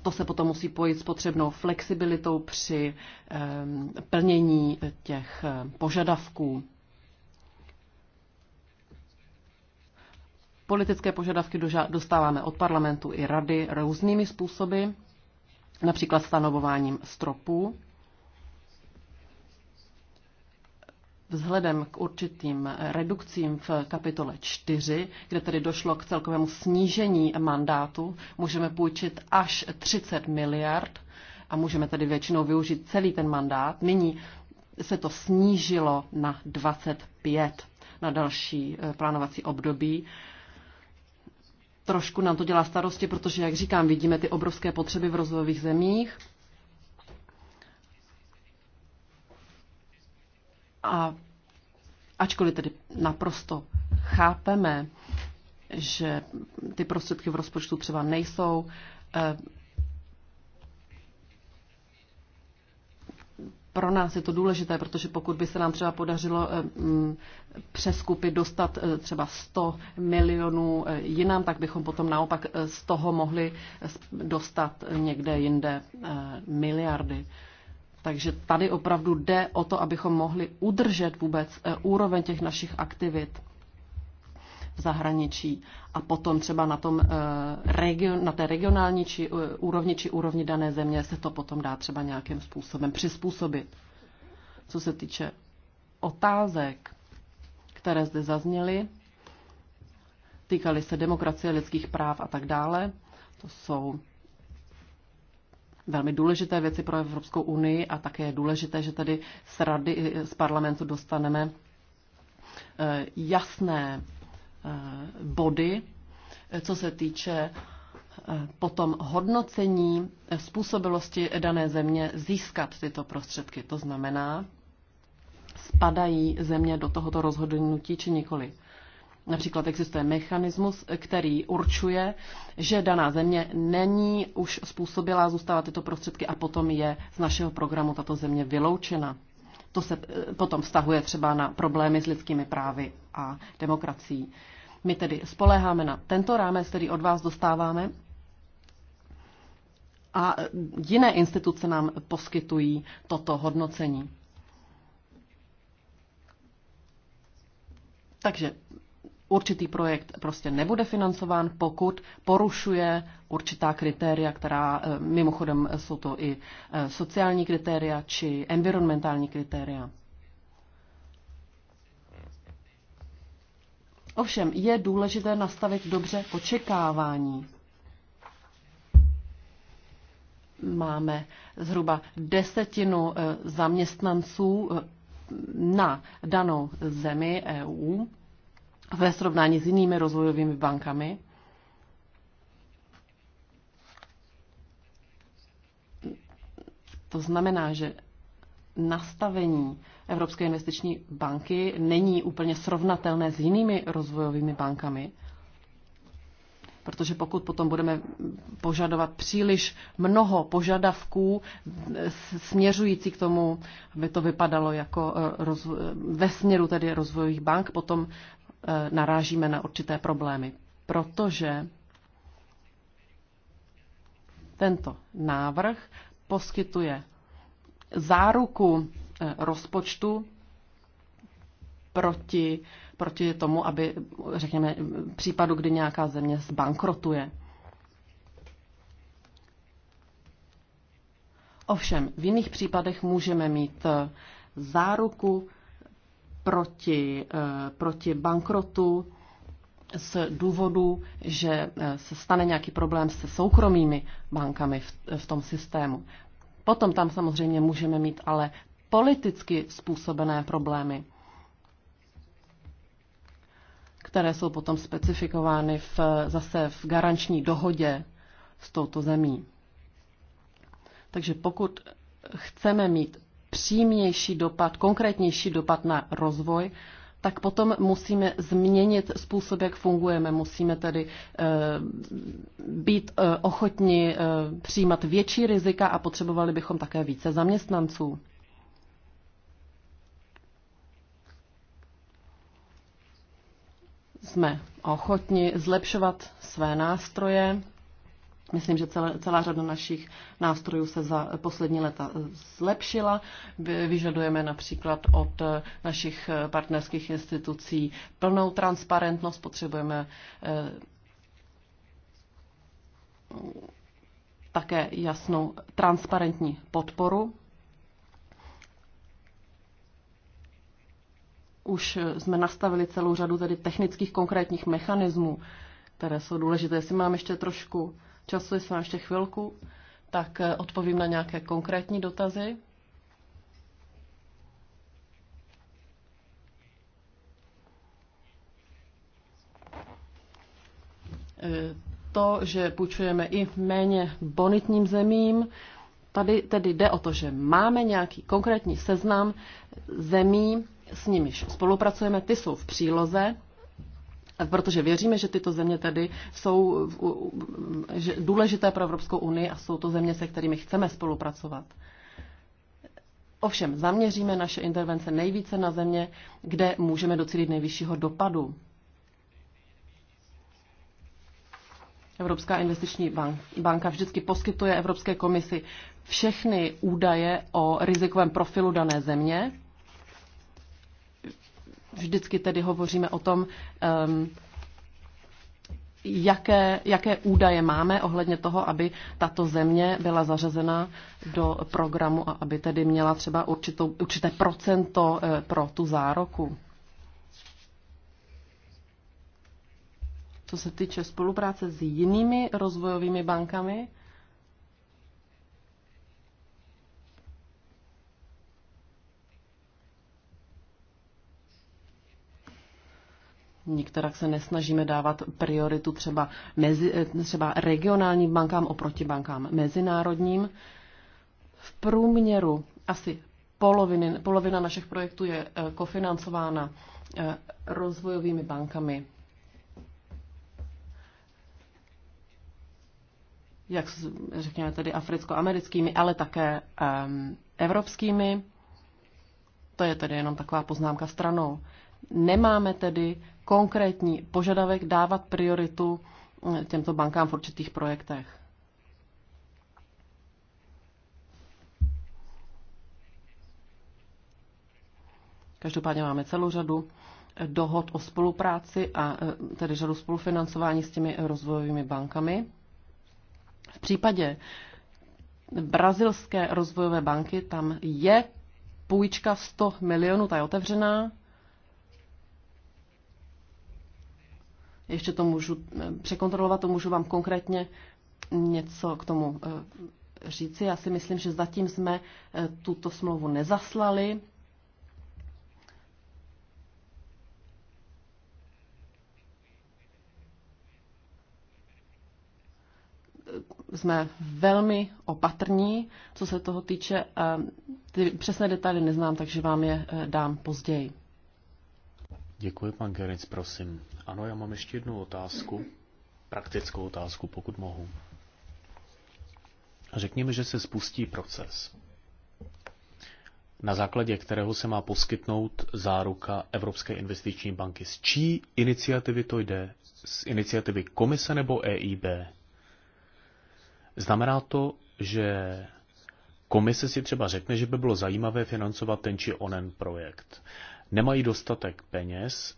Speaker 3: to se potom musí pojít s potřebnou flexibilitou při um, plnění těch eh, požadavků. Politické požadavky dostáváme od parlamentu i rady různými způsoby, například stanovováním stropů. Vzhledem k určitým redukcím v kapitole 4, kde tedy došlo k celkovému snížení mandátu, můžeme půjčit až 30 miliard a můžeme tedy většinou využít celý ten mandát. Nyní se to snížilo na 25 na další eh, plánovací období trošku nám to dělá starosti, protože, jak říkám, vidíme ty obrovské potřeby v rozvojových zemích. A ačkoliv tedy naprosto chápeme, že ty prostředky v rozpočtu třeba nejsou eh, pro nás je to důležité, protože pokud by se nám třeba podařilo eh, mm, přeskupit, dostat eh, třeba 100 milionů eh, jinam, tak bychom potom naopak z toho mohli dostat někde jinde miliardy. Takže tady opravdu jde o to, abychom mohli udržet vůbec úroveň těch našich aktivit v zahraničí a potom třeba na, tom, eh, region, na té regionální či eh, úrovni či úrovni dané země se to potom dá třeba nějakým způsobem přizpůsobit. Co se týče otázek, které zde zazněly, týkaly se demokracie, lidských práv a tak dále. To jsou velmi důležité věci pro Evropskou unii a také je důležité, že tady z rady, z parlamentu dostaneme eh, jasné Eh, body, eh, co se týče eh, potom hodnocení způsobilosti dané země získat tyto prostředky. To znamená, spadají země do tohoto rozhodnutí či nikoli. Například existuje mechanismus, který určuje, že daná země není už způsobila zůstávat tyto prostředky a potom je z našeho programu tato země vyloučena. To se eh, potom vztahuje třeba na problémy s lidskými právy a demokracií. My tedy spoléháme na tento rámec, který od vás dostáváme, a eh, jiné instituce nám poskytují toto hodnocení. Takže určitý projekt prostě nebude financován, pokud porušuje určitá kritéria, která eh, mimochodem jsou to i eh, sociální kritéria či environmentální kritéria. Ovšem je důležité nastavit dobře očekávání. Máme zhruba desetinu eh, zaměstnanců na danou zemi EU ve srovnání s jinými rozvojovými bankami. To znamená, že nastavení Evropské investiční banky není úplně srovnatelné s jinými rozvojovými bankami, protože pokud potom budeme požadovat příliš mnoho požadavků směřující k tomu, aby to vypadalo jako eh, rozvo- ve směru tedy rozvojových bank, potom Eh, narážíme na určité problémy, protože tento návrh poskytuje záruku eh, rozpočtu proti, proti tomu, aby, řekněme, případu, kdy nějaká země zbankrotuje. Ovšem, v jiných případech můžeme mít eh, záruku proti, eh, proti bankrotu z důvodu, že eh, se stane nějaký problém se soukromými bankami v, v tom systému. Potom tam samozřejmě můžeme mít ale politicky způsobené problémy, které jsou potom specifikovány v, zase v garanční dohodě s touto zemí. Takže pokud chceme mít přímější dopad, konkrétnější dopad na rozvoj, tak potom musíme změnit způsob, jak fungujeme. Musíme tedy e, být e, ochotni e, přijímat větší rizika a potřebovali bychom také více zaměstnanců. Jsme ochotni zlepšovat své nástroje, Myslím, že celá, celá řada našich nástrojů se za poslední leta zlepšila. Vyžadujeme například od našich partnerských institucí plnou transparentnost, potřebujeme eh, také jasnou transparentní podporu. Už jsme nastavili celou řadu tedy technických konkrétních mechanismů, které jsou důležité. Jestli mám ještě trošku času, jestli mám ještě chvilku, tak eh, odpovím na nějaké konkrétní dotazy. Eh, to, že půjčujeme i méně bonitním zemím, tady tedy jde o to, že máme nějaký konkrétní seznam zemí, s nimiž spolupracujeme, ty jsou v příloze, protože věříme, že tyto země tedy jsou důležité pro Evropskou unii a jsou to země, se kterými chceme spolupracovat. Ovšem, zaměříme naše intervence nejvíce na země, kde můžeme docílit nejvyššího dopadu. Evropská investiční banka vždycky poskytuje Evropské komisi všechny údaje o rizikovém profilu dané země vždycky tedy hovoříme o tom, ehm, jaké, jaké údaje máme ohledně toho, aby tato země byla zařazena do programu a aby tedy měla třeba určitou, určité procento eh, pro tu zároku. Co se týče spolupráce s jinými rozvojovými bankami, Některak se nesnažíme dávat prioritu třeba, mezi, eh, třeba regionálním bankám oproti bankám mezinárodním. V průměru asi poloviny, polovina našich projektů je eh, kofinancována eh, rozvojovými bankami. Jak řekněme tedy africko-americkými, ale také um, evropskými. To je tedy jenom taková poznámka stranou. Nemáme tedy konkrétní požadavek dávat prioritu eh, těmto bankám v určitých projektech. Každopádně máme celou řadu eh, dohod o spolupráci a eh, tedy řadu spolufinancování s těmi rozvojovými bankami. V případě brazilské rozvojové banky tam je půjčka 100 milionů, ta je otevřená, ještě to můžu eh, překontrolovat, to můžu vám konkrétně něco k tomu eh, říci. Já si myslím, že zatím jsme eh, tuto smlouvu nezaslali. Jsme velmi opatrní, co se toho týče. Ty přesné detaily neznám, takže vám je dám později.
Speaker 1: Děkuji, pan Geric, prosím. Ano, já mám ještě jednu otázku, praktickou otázku, pokud mohu. Řekněme, že se spustí proces, na základě kterého se má poskytnout záruka Evropské investiční banky. Z čí iniciativy to jde? Z iniciativy komise nebo EIB? Znamená to, že komise si třeba řekne, že by bylo zajímavé financovat ten či onen projekt nemají dostatek peněz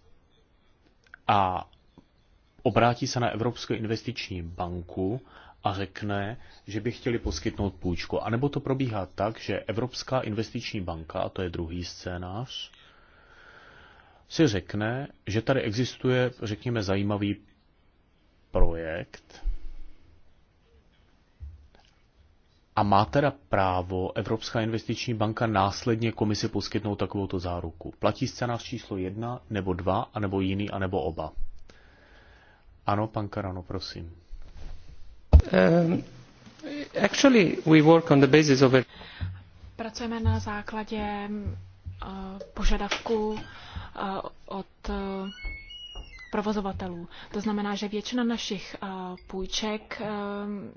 Speaker 1: a obrátí se na Evropskou investiční banku a řekne, že by chtěli poskytnout půjčku. A nebo to probíhá tak, že Evropská investiční banka, a to je druhý scénář, si řekne, že tady existuje, řekněme, zajímavý projekt, A má teda právo Evropská investiční banka následně komisi poskytnout takovouto záruku? Platí scénář číslo jedna nebo dva, anebo jiný, anebo oba? Ano, pan Karano, prosím. Um, actually, we work on the basis of it.
Speaker 2: Pracujeme na základě uh, požadavku uh, od uh, provozovatelů. To znamená, že většina našich eh, půjček eh,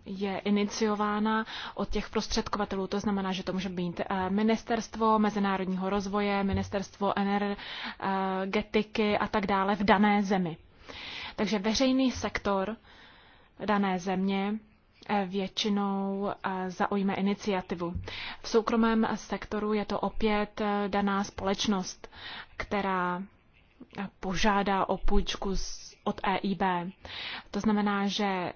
Speaker 2: je iniciována od těch prostředkovatelů. To znamená, že to může být eh, ministerstvo mezinárodního rozvoje, ministerstvo energetiky a tak dále v dané zemi. Takže veřejný sektor dané země většinou zaujme iniciativu. V soukromém sektoru je to opět daná společnost, která požádá o půjčku od EIB. To znamená, že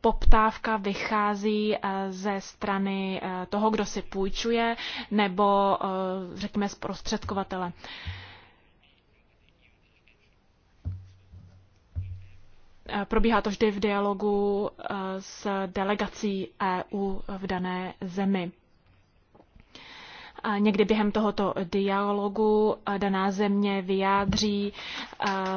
Speaker 2: poptávka vychází ze strany toho, kdo si půjčuje, nebo řekněme zprostředkovatele. Probíhá to vždy v dialogu s delegací EU v dané zemi. Někdy během tohoto dialogu daná země vyjádří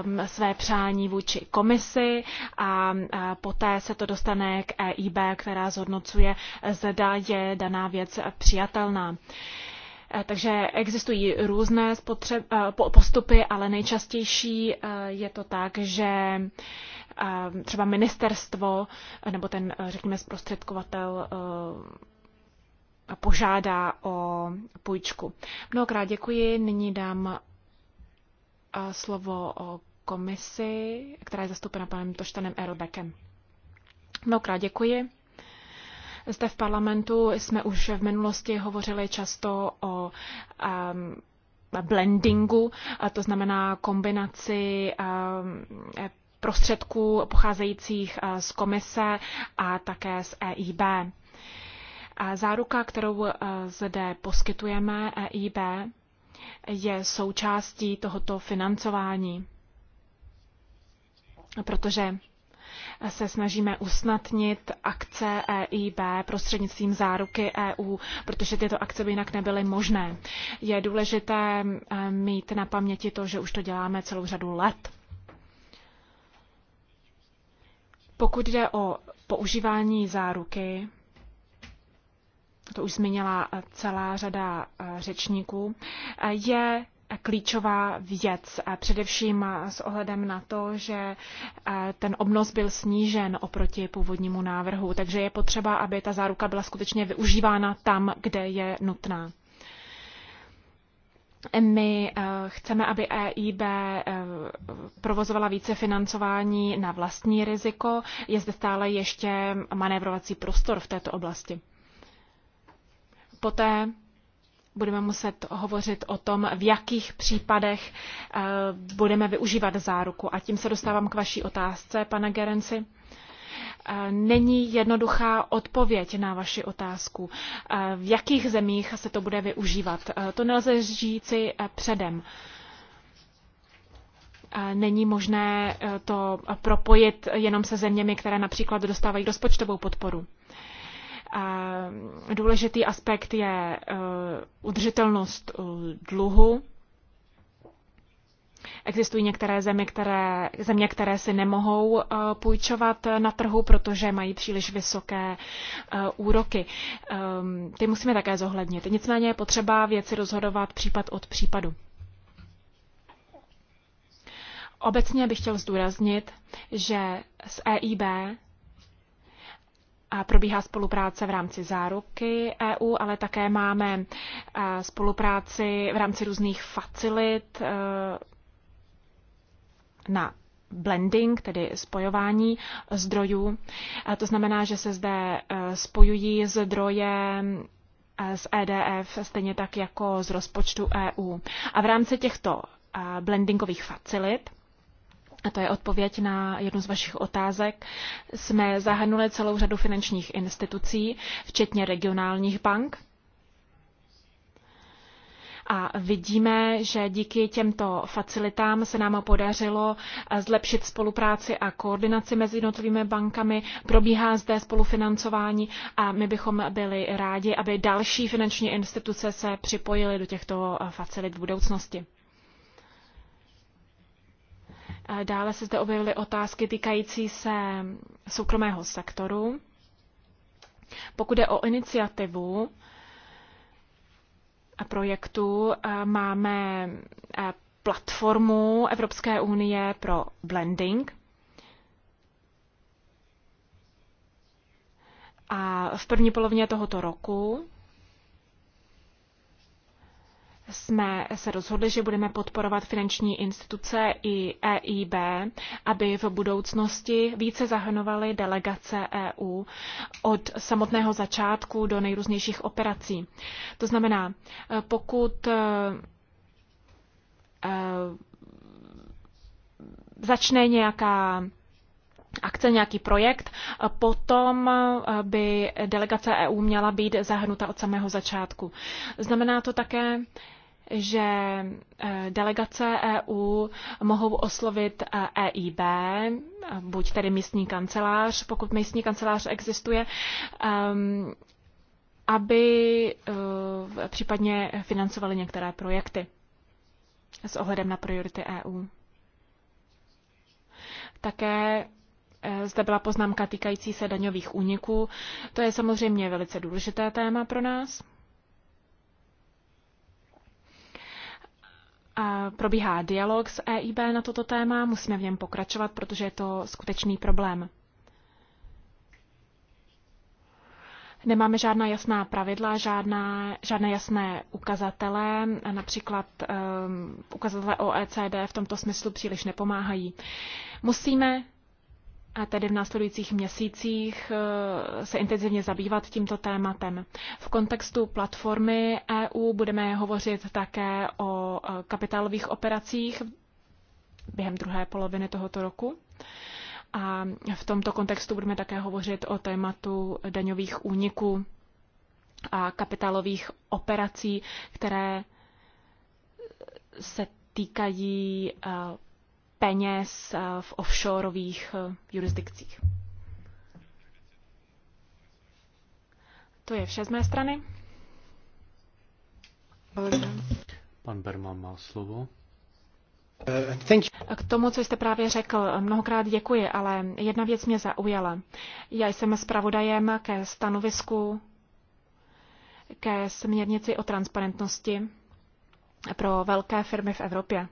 Speaker 2: um, své přání vůči komisi a poté se to dostane k EIB, která zhodnocuje, zda je daná věc přijatelná. E, takže existují různé spotřeb, e, postupy, ale nejčastější e, je to tak, že třeba ministerstvo nebo ten, řekněme, zprostředkovatel požádá o půjčku. Mnohokrát děkuji. Nyní dám eh, slovo o komisi, která je zastoupena panem Toštanem Erobekem. Mnohokrát děkuji. Zde v parlamentu jsme už v minulosti hovořili často o um, blendingu, a to znamená kombinaci um, prostředků pocházejících eh, z komise a také z EIB. Záruka, kterou eh, zde poskytujeme EIB, je součástí tohoto financování, protože se snažíme usnadnit akce EIB prostřednictvím záruky EU, protože tyto akce by jinak nebyly možné. Je důležité eh, mít na paměti to, že už to děláme celou řadu let. Pokud jde o používání záruky, to už zmínila eh, celá řada eh, řečníků, eh, je klíčová věc, především s ohledem na to, že ten obnos byl snížen oproti původnímu návrhu, takže je potřeba, aby ta záruka byla skutečně využívána tam, kde je nutná. My chceme, aby EIB provozovala více financování na vlastní riziko. Je zde stále ještě manévrovací prostor v této oblasti. Poté budeme muset hovořit o tom, v jakých případech eh, budeme využívat záruku. A tím se dostávám k vaší otázce, pane Gerenci. Eh, není jednoduchá odpověď na vaši otázku. Eh, v jakých zemích se to bude využívat? To nelze říci předem. Není možné to propojit jenom se zeměmi, které například dostávají rozpočtovou podporu. Důležitý aspekt je eh, udržitelnost eh, dluhu. Existují některé země které, země, které si nemohou eh, půjčovat na trhu, protože mají příliš vysoké úroky. Ehm, ty musíme také zohlednit. Nicméně je potřeba věci rozhodovat případ od případu. Obecně bych chtěl zdůraznit, že z EIB probíhá spolupráce v rámci záruky EU, ale také máme e, spolupráci v rámci různých facilit e, na blending, tedy spojování zdrojů. To znamená, že se zde e, spojují zdroje z EDF, stejně tak jako z rozpočtu EU. A v rámci těchto blendingových facilit a to je odpověď na jednu z vašich otázek, jsme zahrnuli celou řadu finančních institucí, včetně regionálních bank. A vidíme, že díky těmto facilitám se nám podařilo zlepšit spolupráci a koordinaci mezi jednotlivými bankami. Probíhá zde spolufinancování a my bychom byli rádi, aby další finanční instituce se připojily do těchto facilit v budoucnosti. Dále se zde objevily otázky týkající se soukromého sektoru. Pokud je o iniciativu projektu, eh, máme eh, platformu Evropské unie pro blending. A v první polovině tohoto roku jsme se rozhodli, že budeme podporovat finanční instituce i EIB, aby v budoucnosti více zahrnovaly delegace EU od samotného začátku do nejrůznějších operací. To znamená, eh, pokud eh, eh, začne nějaká akce, nějaký projekt, potom by delegace EU měla být zahrnuta od samého začátku. Znamená to také, že eh, delegace EU mohou oslovit EIB, eh, e eh, buď tedy místní kancelář, pokud místní kancelář existuje, ehm, aby případně financovali některé projekty s ohledem na priority EU. Také zde byla poznámka týkající se daňových úniků. To je samozřejmě velice důležité téma pro nás. probíhá dialog s EIB na toto téma, musíme v něm pokračovat, protože je to skutečný problém. Nemáme žádná jasná pravidla, žádná, žádné jasné ukazatele, například um, ukazatele OECD v tomto smyslu příliš nepomáhají. Musíme a tedy v následujících měsících eh, se intenzivně zabývat tímto tématem. V kontextu platformy EU budeme hovořit také o eh, kapitálových operacích během druhé poloviny tohoto roku. A v tomto kontextu budeme také hovořit o tématu daňových úniků a kapitálových operací, které se týkají eh, peněz eh, v offshoreových eh, jurisdikcích. To je vše z mé strany.
Speaker 1: Pan Berman má slovo. Eh,
Speaker 2: K tomu, co jste právě řekl, mnohokrát děkuji, ale jedna věc mě zaujala. Já jsem zpravodajem ke stanovisku ke směrnici o transparentnosti pro velké firmy v Evropě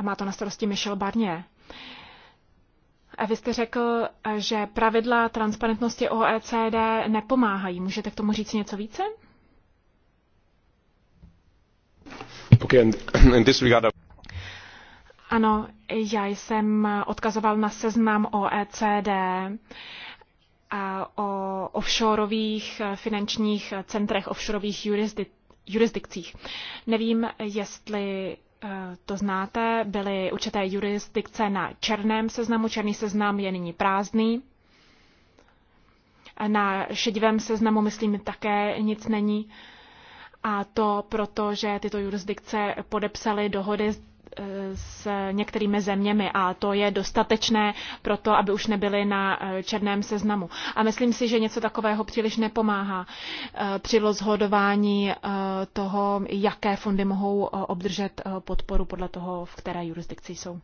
Speaker 2: a má to na starosti Michel Barnier. A vy jste řekl, že pravidla transparentnosti OECD nepomáhají. Můžete k tomu říct něco více? (clears throat) Ano, já jsem odkazoval na seznam OECD a o offshoreových finančních centrech, offshoreových jurisdikcích. Nevím, jestli Eh, to znáte, byly určité jurisdikce na černém seznamu. Černý seznam je nyní prázdný. Eh, na šedivém seznamu, myslím, také nic není. A to proto, že tyto jurisdikce podepsaly dohody s některými zeměmi a to je dostatečné pro to, aby už nebyly na eh, černém seznamu. A myslím si, že něco takového příliš nepomáhá eh, při rozhodování eh, toho, jaké fondy mohou obdržet podporu podle toho, v které jurisdikci jsou.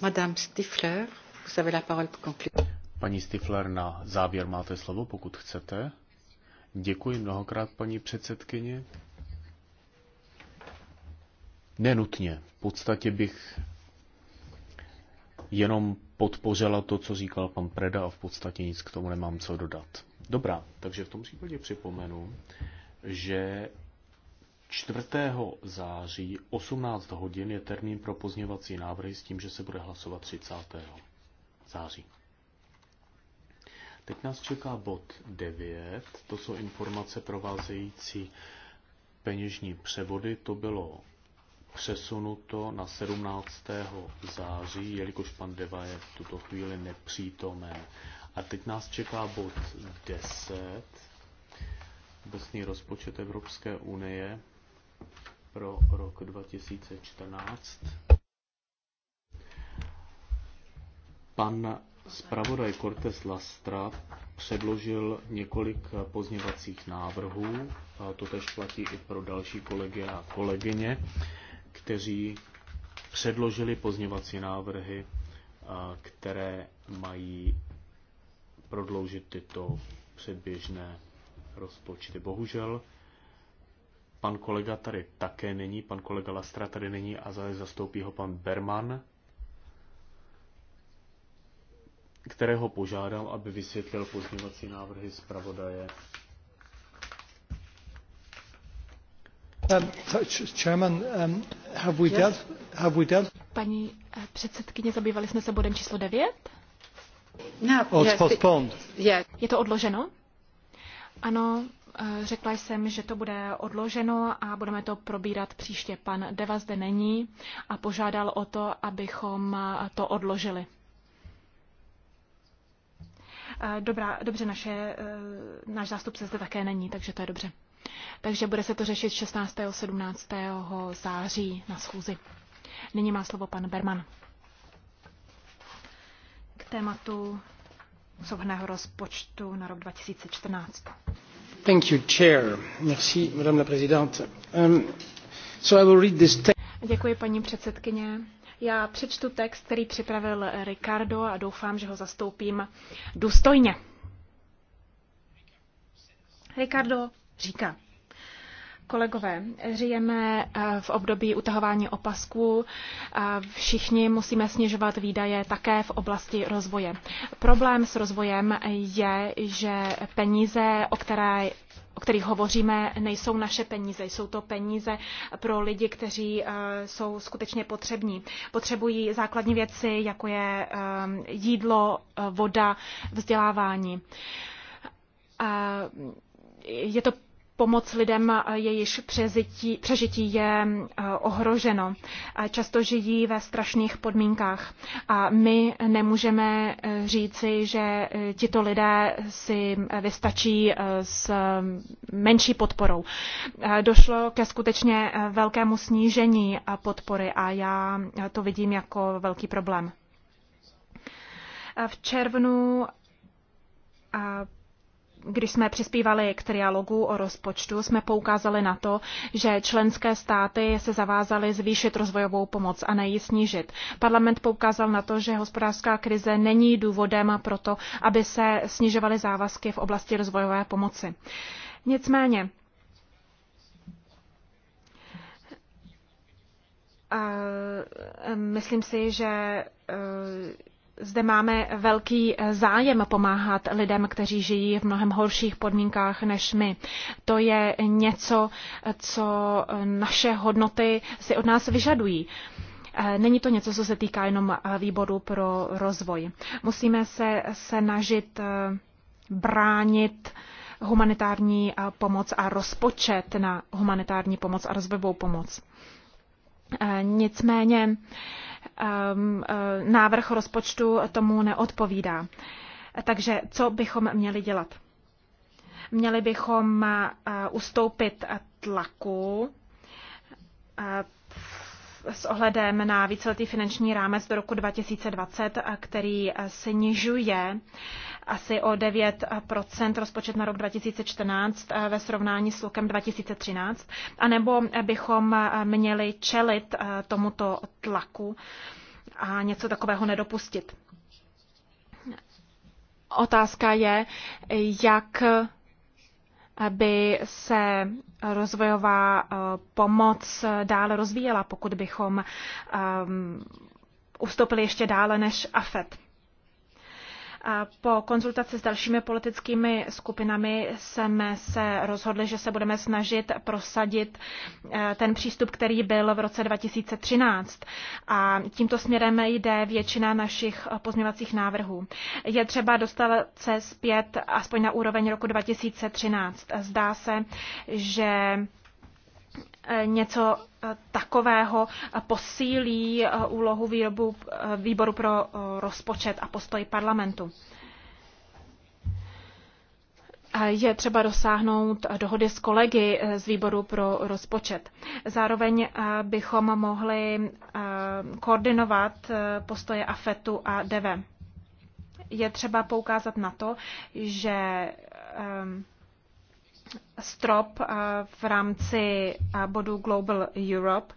Speaker 2: Madame Stifler, vous avez la parole pour
Speaker 1: conclure. Paní Stifler, na závěr máte slovo, pokud chcete. Děkuji mnohokrát, paní předsedkyně. Nenutně. V podstatě bych jenom podpořila to, co říkal pan Preda a v podstatě nic k tomu nemám co dodat. Dobrá, takže v tom případě připomenu, že 4. září 18 hodin je termín pro pozněvací návrhy s tím, že se bude hlasovat 30. září. Teď nás čeká bod 9, to jsou informace provázející peněžní převody, to bylo přesunuto na 17. září, jelikož pan Deva je v tuto chvíli nepřítomen. A teď nás čeká bod 10, obecný rozpočet Evropské unie pro rok 2014. Pan zpravodaj Cortes Lastra předložil několik pozněvacích návrhů, to tež platí i pro další kolegy a kolegyně kteří předložili pozněvací návrhy, které mají prodloužit tyto předběžné rozpočty. Bohužel pan kolega tady také není, pan kolega Lastra tady není a zastoupí ho pan Berman, kterého požádám, aby vysvětlil pozměvací návrhy zpravodaje
Speaker 2: Paní předsedkyně, zabývali jsme se bodem číslo 9? No, yes, yes. Je to odloženo? Ano, eh, řekla jsem, že to bude odloženo a budeme to probírat příště. Pan Deva zde není a požádal o to, abychom eh, to odložili. Eh, dobrá, dobře, naše, náš zástupce zde také není, takže to je dobře. Takže bude se to řešit 16. a 17. září na schůzi. Nyní má slovo pan Berman. K tématu souhrného rozpočtu na rok 2014.
Speaker 3: Thank you, chair. Merci, madame la présidente. Um,
Speaker 1: so I will read this
Speaker 2: Děkuji, paní předsedkyně. Já přečtu text, který připravil Ricardo a doufám, že ho zastoupím důstojně. Ricardo říká. Kolegové, žijeme eh, v období utahování opasků. Eh, všichni musíme snižovat výdaje také v oblasti rozvoje. Problém s rozvojem je, že peníze, o které o kterých hovoříme, nejsou naše peníze. Jsou to peníze pro lidi, kteří eh, jsou skutečně potřební. Potřebují základní věci, jako je jídlo, voda, vzdělávání. Je to pomoc lidem, jejich přežití, přežití je e, ohroženo. Často žijí ve strašných podmínkách a my nemůžeme e, říci, že e, tito lidé si vystačí s menší podporou. Došlo ke skutečně velkému snížení podpory a já to vidím jako velký problém. V červnu když jsme přispívali k trialogu o rozpočtu, jsme poukázali na to, že členské státy se zavázaly zvýšit rozvojovou pomoc a ji snížit. Parlament poukázal na to, že hospodářská krize není důvodem pro to, aby se snižovaly závazky v oblasti rozvojové pomoci. Nicméně, myslím si, že zde máme velký eh, zájem pomáhat lidem, kteří žijí v mnohem horších podmínkách než my. To je něco, co eh, naše hodnoty si od nás vyžadují. Eh, není to něco, co se týká jenom výboru pro rozvoj. Musíme se snažit bránit humanitární pomoc a rozpočet na humanitární pomoc a rozvojovou pomoc. Nicméně Um, uh, návrh rozpočtu tomu neodpovídá. Takže co bychom měli dělat? Měli bychom uh, ustoupit tlaku uh, s ohledem na víceletý finanční rámec do roku 2020, který snižuje asi o 9 rozpočet na rok 2014 ve srovnání s rokem 2013, anebo bychom měli čelit tomuto tlaku a něco takového nedopustit. Otázka je, jak by se rozvojová eh, pomoc dále rozvíjela, pokud bychom ehm, ustoupili ještě dále než AFET. Po konzultaci s dalšími politickými skupinami jsme se rozhodli, že se budeme snažit prosadit eh, ten přístup, který byl v roce 2013. A tímto směrem jde většina našich eh, pozměvacích návrhů. Je třeba dostat se zpět aspoň na úroveň roku 2013. Zdá se, že něco eh, takového eh, posílí eh, úlohu výrobu, výboru pro rozpočet a postoj parlamentu. Je třeba dosáhnout dohody s kolegy z výboru pro rozpočet. Zároveň bychom mohli koordinovat postoje AFETu a DEVE. Je třeba poukázat na to, že strop eh, v rámci eh, bodu Global Europe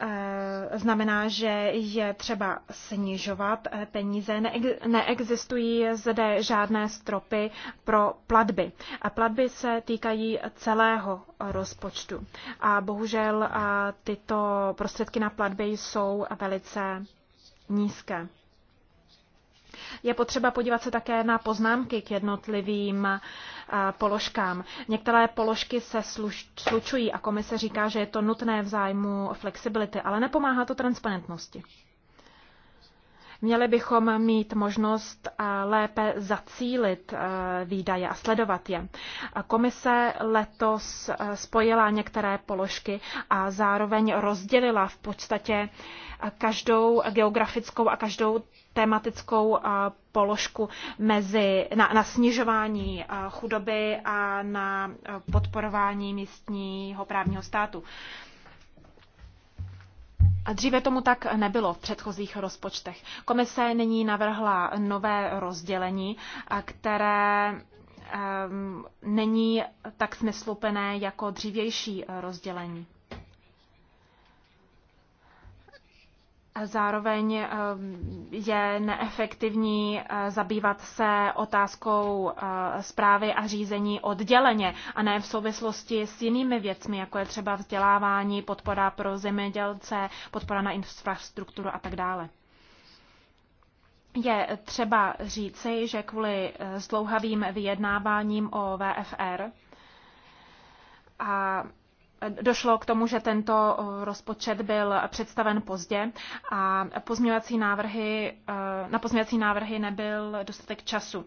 Speaker 2: eh, znamená, že je třeba snižovat peníze. Neexistují zde žádné stropy pro platby. A platby se týkají celého rozpočtu. A bohužel tyto prostředky na platby jsou velice nízké. Je potřeba podívat se také na poznámky k jednotlivým položkám. Některé položky se slučují a komise říká, že je to nutné v zájmu flexibility, ale nepomáhá to transparentnosti. Měli bychom mít možnost eh, lépe zacílit eh, výdaje a sledovat je. Komise letos eh, spojila některé položky a zároveň rozdělila v podstatě každou geografickou a každou tematickou položku mezi, na, na snižování chudoby a na podporování místního právního státu. A dříve tomu tak nebylo v předchozích rozpočtech. Komise nyní navrhla nové rozdělení, které není tak smysluplné jako dřívější rozdělení. Zároveň eh, je neefektivní eh, zabývat se otázkou eh, zprávy a řízení odděleně a ne v souvislosti s jinými věcmi, jako je třeba vzdělávání, podpora pro zemědělce, podpora na infrastrukturu a tak dále. Je třeba říci, že kvůli zdlouhavým vyjednáváním o VFR a došlo k tomu, že tento eh, rozpočet byl představen pozdě a pozměňovací návrhy, eh, na pozměňovací návrhy nebyl dostatek času.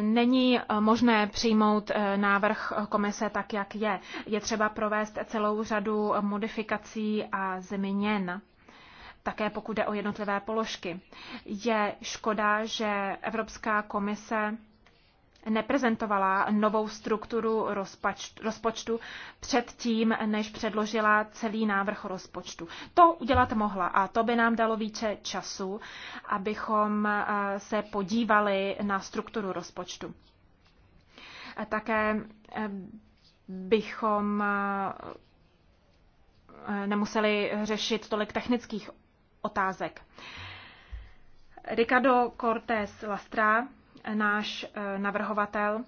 Speaker 2: Není eh, možné přijmout návrh komise tak, jak je. Je třeba provést celou řadu modifikací a změn také pokud jde o jednotlivé položky. Je škoda, že Evropská komise neprezentovala novou strukturu rozpočtu předtím, než předložila celý návrh rozpočtu. To udělat mohla a to by nám dalo více času, abychom eh, se podívali na strukturu rozpočtu. Také eh, bychom eh, nemuseli řešit tolik technických otázek. Ricardo Cortés Lastra náš eh, navrhovatel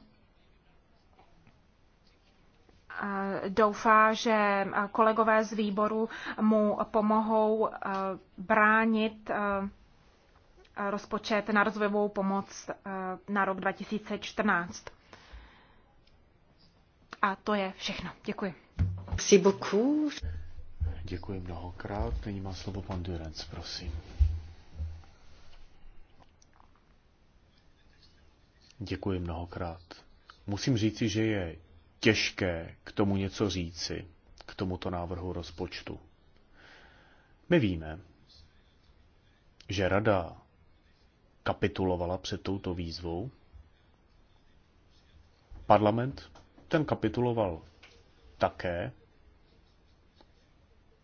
Speaker 2: eh, doufá, že eh, kolegové z výboru mu pomohou bránit rozpočet na rozvojovou pomoc na rok 2014. A to je všechno. Děkuji.
Speaker 1: Merci beaucoup. Děkuji mnohokrát. Nyní má slovo pan Durenc, prosím. Děkuji mnohokrát. Musím říci, že je těžké k tomu něco říci, k tomuto návrhu rozpočtu. My víme, že rada kapitulovala před touto výzvou. Parlament ten kapituloval také,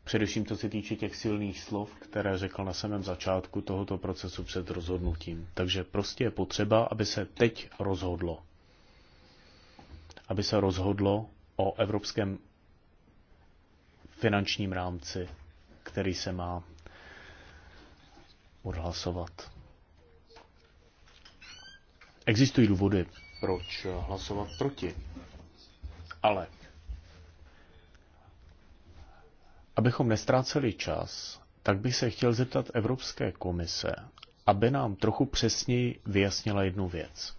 Speaker 1: Především to se týče těch silných slov, které řekl na samém začátku tohoto procesu před rozhodnutím. Takže prostě je potřeba, aby se teď rozhodlo. Aby se rozhodlo o evropském finančním rámci, který se má odhlasovat. Existují důvody, proč hlasovat proti. Ale Abychom nestráceli čas, tak bych se chtěl zeptat Evropské komise, aby nám trochu přesněji vyjasnila jednu věc.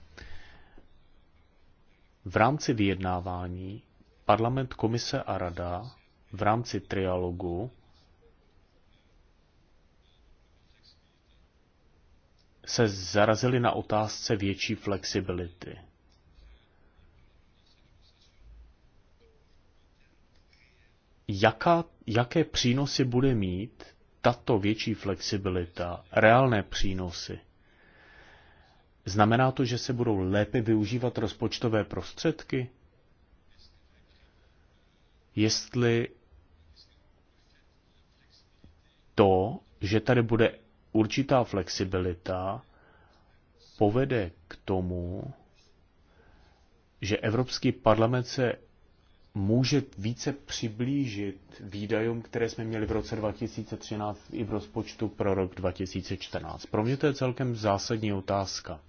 Speaker 1: V rámci vyjednávání parlament, komise a rada v rámci trialogu se zarazili na otázce větší flexibility. jaká, jaké přínosy bude mít tato větší flexibilita, reálné přínosy. Znamená to, že se budou lépe využívat rozpočtové prostředky? Jestli to, že tady bude určitá flexibilita, povede k tomu, že Evropský parlament se může více přiblížit výdajům, které jsme měli v roce 2013 i v rozpočtu pro rok 2014? Pro mě to je celkem zásadní otázka.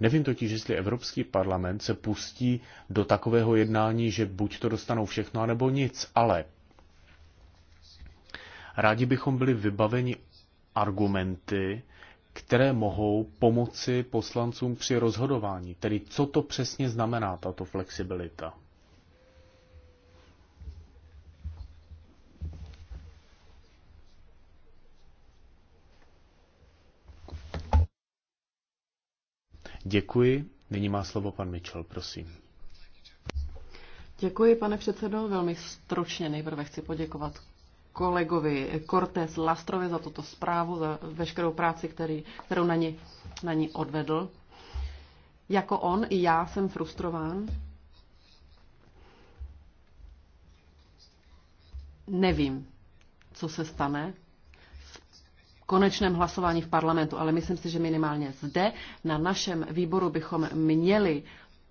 Speaker 1: Nevím totiž, jestli Evropský parlament se pustí do takového jednání, že buď to dostanou všechno, nebo nic, ale rádi bychom byli vybaveni argumenty, které mohou pomoci poslancům při rozhodování. Tedy co to přesně znamená, tato flexibilita? Děkuji. Nyní má slovo pan Mitchell, prosím.
Speaker 3: Děkuji, pane předsedo. Velmi stručně nejprve chci poděkovat kolegovi Cortés Lastrovi za tuto zprávu, za veškerou práci, který, kterou na ní, na ní odvedl. Jako on, i já jsem frustrován. Nevím, co se stane, konečném hlasování v parlamentu, ale myslím si, že minimálně zde na našem výboru bychom měli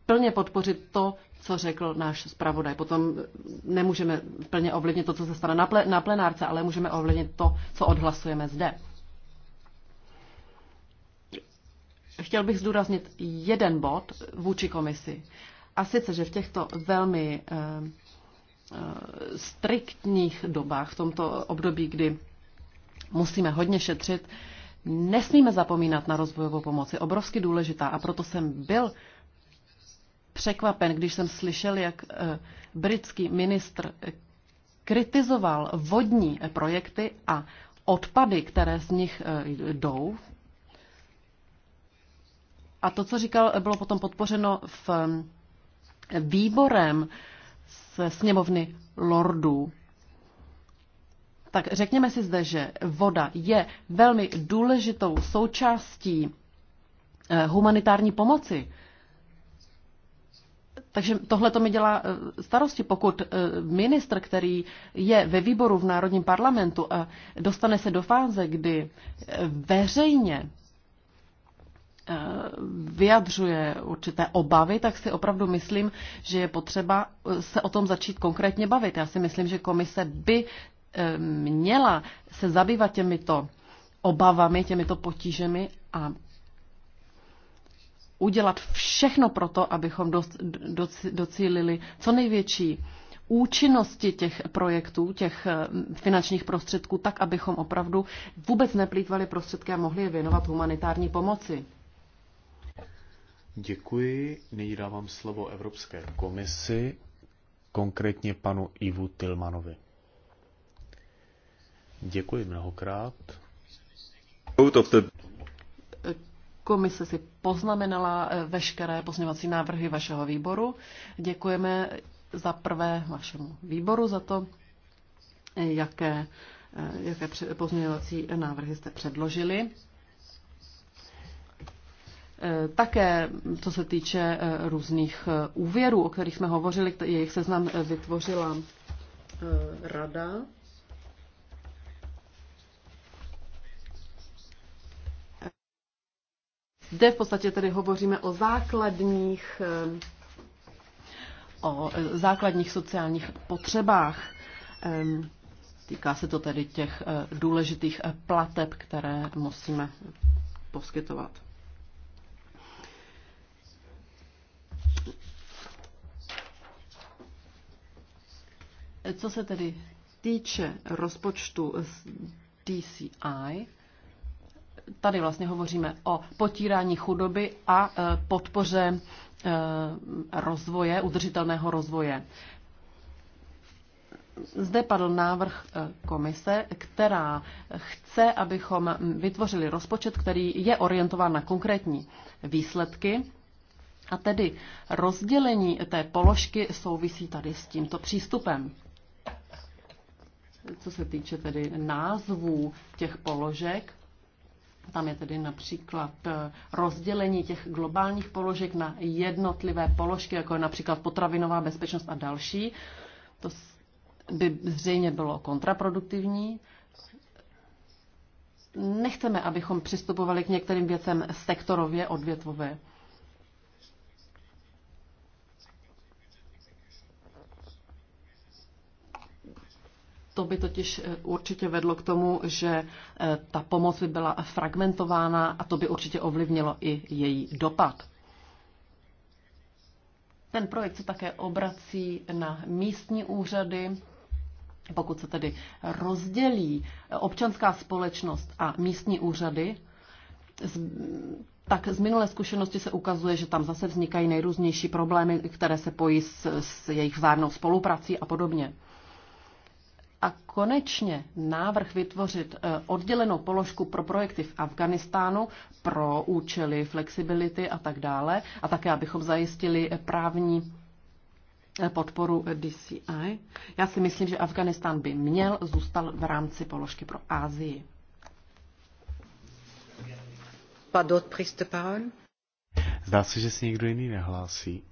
Speaker 3: plně podpořit to, co řekl náš zpravodaj. Potom nemůžeme plně ovlivnit to, co se stane na, plenárce, ale můžeme ovlivnit to, co odhlasujeme zde. Chtěl bych zdůraznit jeden bod vůči komisi. A sice, že v těchto velmi eh, eh, striktních dobách, v tomto období, kdy Musíme hodně šetřit, nesmíme zapomínat na rozvojovou pomoc, je obrovsky důležitá a proto jsem byl překvapen, když jsem slyšel, jak eh, britský ministr kritizoval vodní projekty a odpady, které z nich eh, jdou. A to, co říkal, eh, bylo potom podpořeno v výborem se sněmovny lordů. Tak řekněme si zde, že voda je velmi důležitou součástí eh, humanitární pomoci. Takže tohle to mi dělá eh, starosti, pokud eh, ministr, který je ve výboru v Národním parlamentu, dostane se do fáze, kdy veřejně vyjadřuje určité obavy, tak si opravdu myslím, že je potřeba se o tom začít konkrétně bavit. Já si myslím, že komise by měla se zabývat těmito obavami, těmito potížemi a udělat všechno pro to, abychom docílili co největší účinnosti těch projektů, těch eh, finančních prostředků, tak, abychom opravdu vůbec neplýtvali prostředky a mohli je věnovat humanitární pomoci.
Speaker 1: Děkuji. Nyní dávám slovo Evropské komisi, konkrétně panu Ivu Tilmanovi. Děkuji mnohokrát.
Speaker 3: Komise si poznamenala eh, veškeré pozměňovací návrhy vašeho výboru. Děkujeme za prvé vašemu výboru za to, jaké, eh, jaké pozměňovací návrhy jste předložili. Eh, také, co se týče různých úvěrů, o kterých jsme hovořili, jejich seznam vytvořila rada Zde v podstatě tedy hovoříme o základních, eh, o eh, základních sociálních potřebách. Ehm, týká se to tedy těch eh, důležitých plateb, které musíme poskytovat. Co se tedy týče rozpočtu DCI, tady vlastně hovoříme o potírání chudoby a e, podpoře e, rozvoje, udržitelného rozvoje. Zde padl návrh e, komise, která chce, abychom vytvořili rozpočet, který je orientován na konkrétní výsledky. A tedy rozdělení té položky souvisí tady s tímto přístupem co se týče tedy názvů těch položek. Tam je tedy například eh, rozdělení těch globálních položek na jednotlivé položky, jako je například potravinová bezpečnost a další. To by zřejmě bylo kontraproduktivní. Nechceme, abychom přistupovali k některým věcem sektorově, odvětvově. To by totiž eh, určitě vedlo k tomu, že eh, ta pomoc by byla fragmentována a to by určitě ovlivnilo i její dopad. Ten projekt se také obrací na místní úřady, pokud se tedy rozdělí eh, občanská společnost a místní úřady, tak z minulé zkušenosti se ukazuje, že tam zase vznikají nejrůznější problémy, které se pojí s, s jejich vzájemnou spoluprací a podobně. A konečně návrh vytvořit eh, oddělenou položku pro projekty v Afganistánu pro účely flexibility a tak dále a také, abychom zajistili eh, právní eh, podporu DCI. Já si myslím, že Afganistán by měl zůstal v rámci položky pro Ázii.
Speaker 1: Zdá se, že si někdo jiný nehlásí.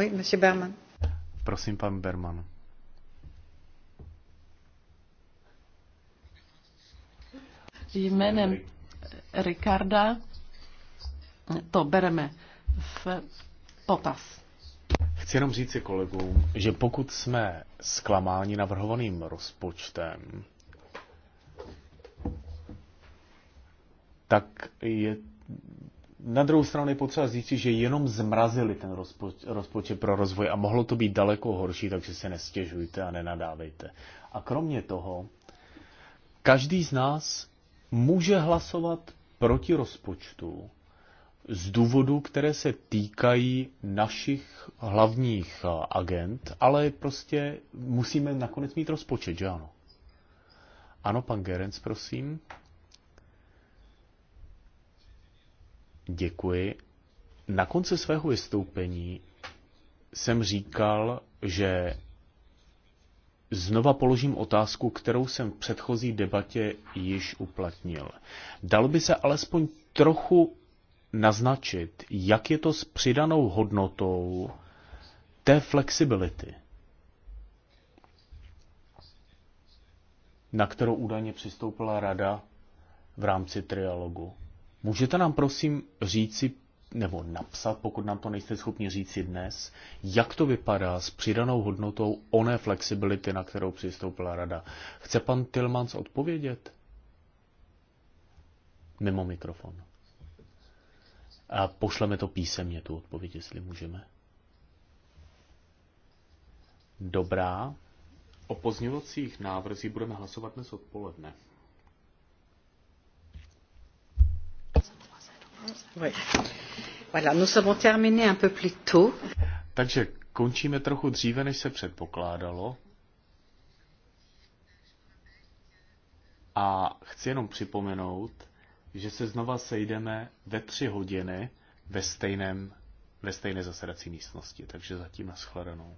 Speaker 2: Oui, monsieur Berman.
Speaker 1: Prosím, pan Berman.
Speaker 3: Jménem Ricarda to bereme v potaz.
Speaker 1: Chci jenom si kolegům, že pokud jsme zklamáni navrhovaným rozpočtem, tak je na druhou stranu je potřeba říct, že jenom zmrazili ten rozpoč, rozpočet pro rozvoj a mohlo to být daleko horší, takže se nestěžujte a nenadávejte. A kromě toho, každý z nás může hlasovat proti rozpočtu z důvodů, které se týkají našich hlavních eh, agent, ale prostě musíme nakonec mít rozpočet, že ano? Ano, pan Gerenc, prosím. Děkuji. Na konci svého vystoupení jsem říkal, že znova položím otázku, kterou jsem v předchozí debatě již uplatnil. Dalo by se alespoň trochu naznačit, jak je to s přidanou hodnotou té flexibility, na kterou údajně přistoupila rada v rámci trialogu. Můžete nám prosím říci, nebo napsat, pokud nám to nejste schopni říci dnes, jak to vypadá s přidanou hodnotou oné flexibility, na kterou přistoupila rada. Chce pan Tilmans odpovědět? Mimo mikrofon. A pošleme to písemně, tu odpověď, jestli můžeme. Dobrá. O pozměňovacích návrzích budeme hlasovat dnes odpoledne. Takže končíme trochu dříve, než se předpokládalo. A chci jenom připomenout, že se znova sejdeme ve tři hodiny ve, stejném, ve stejné zasedací místnosti. Takže zatím nashledanou.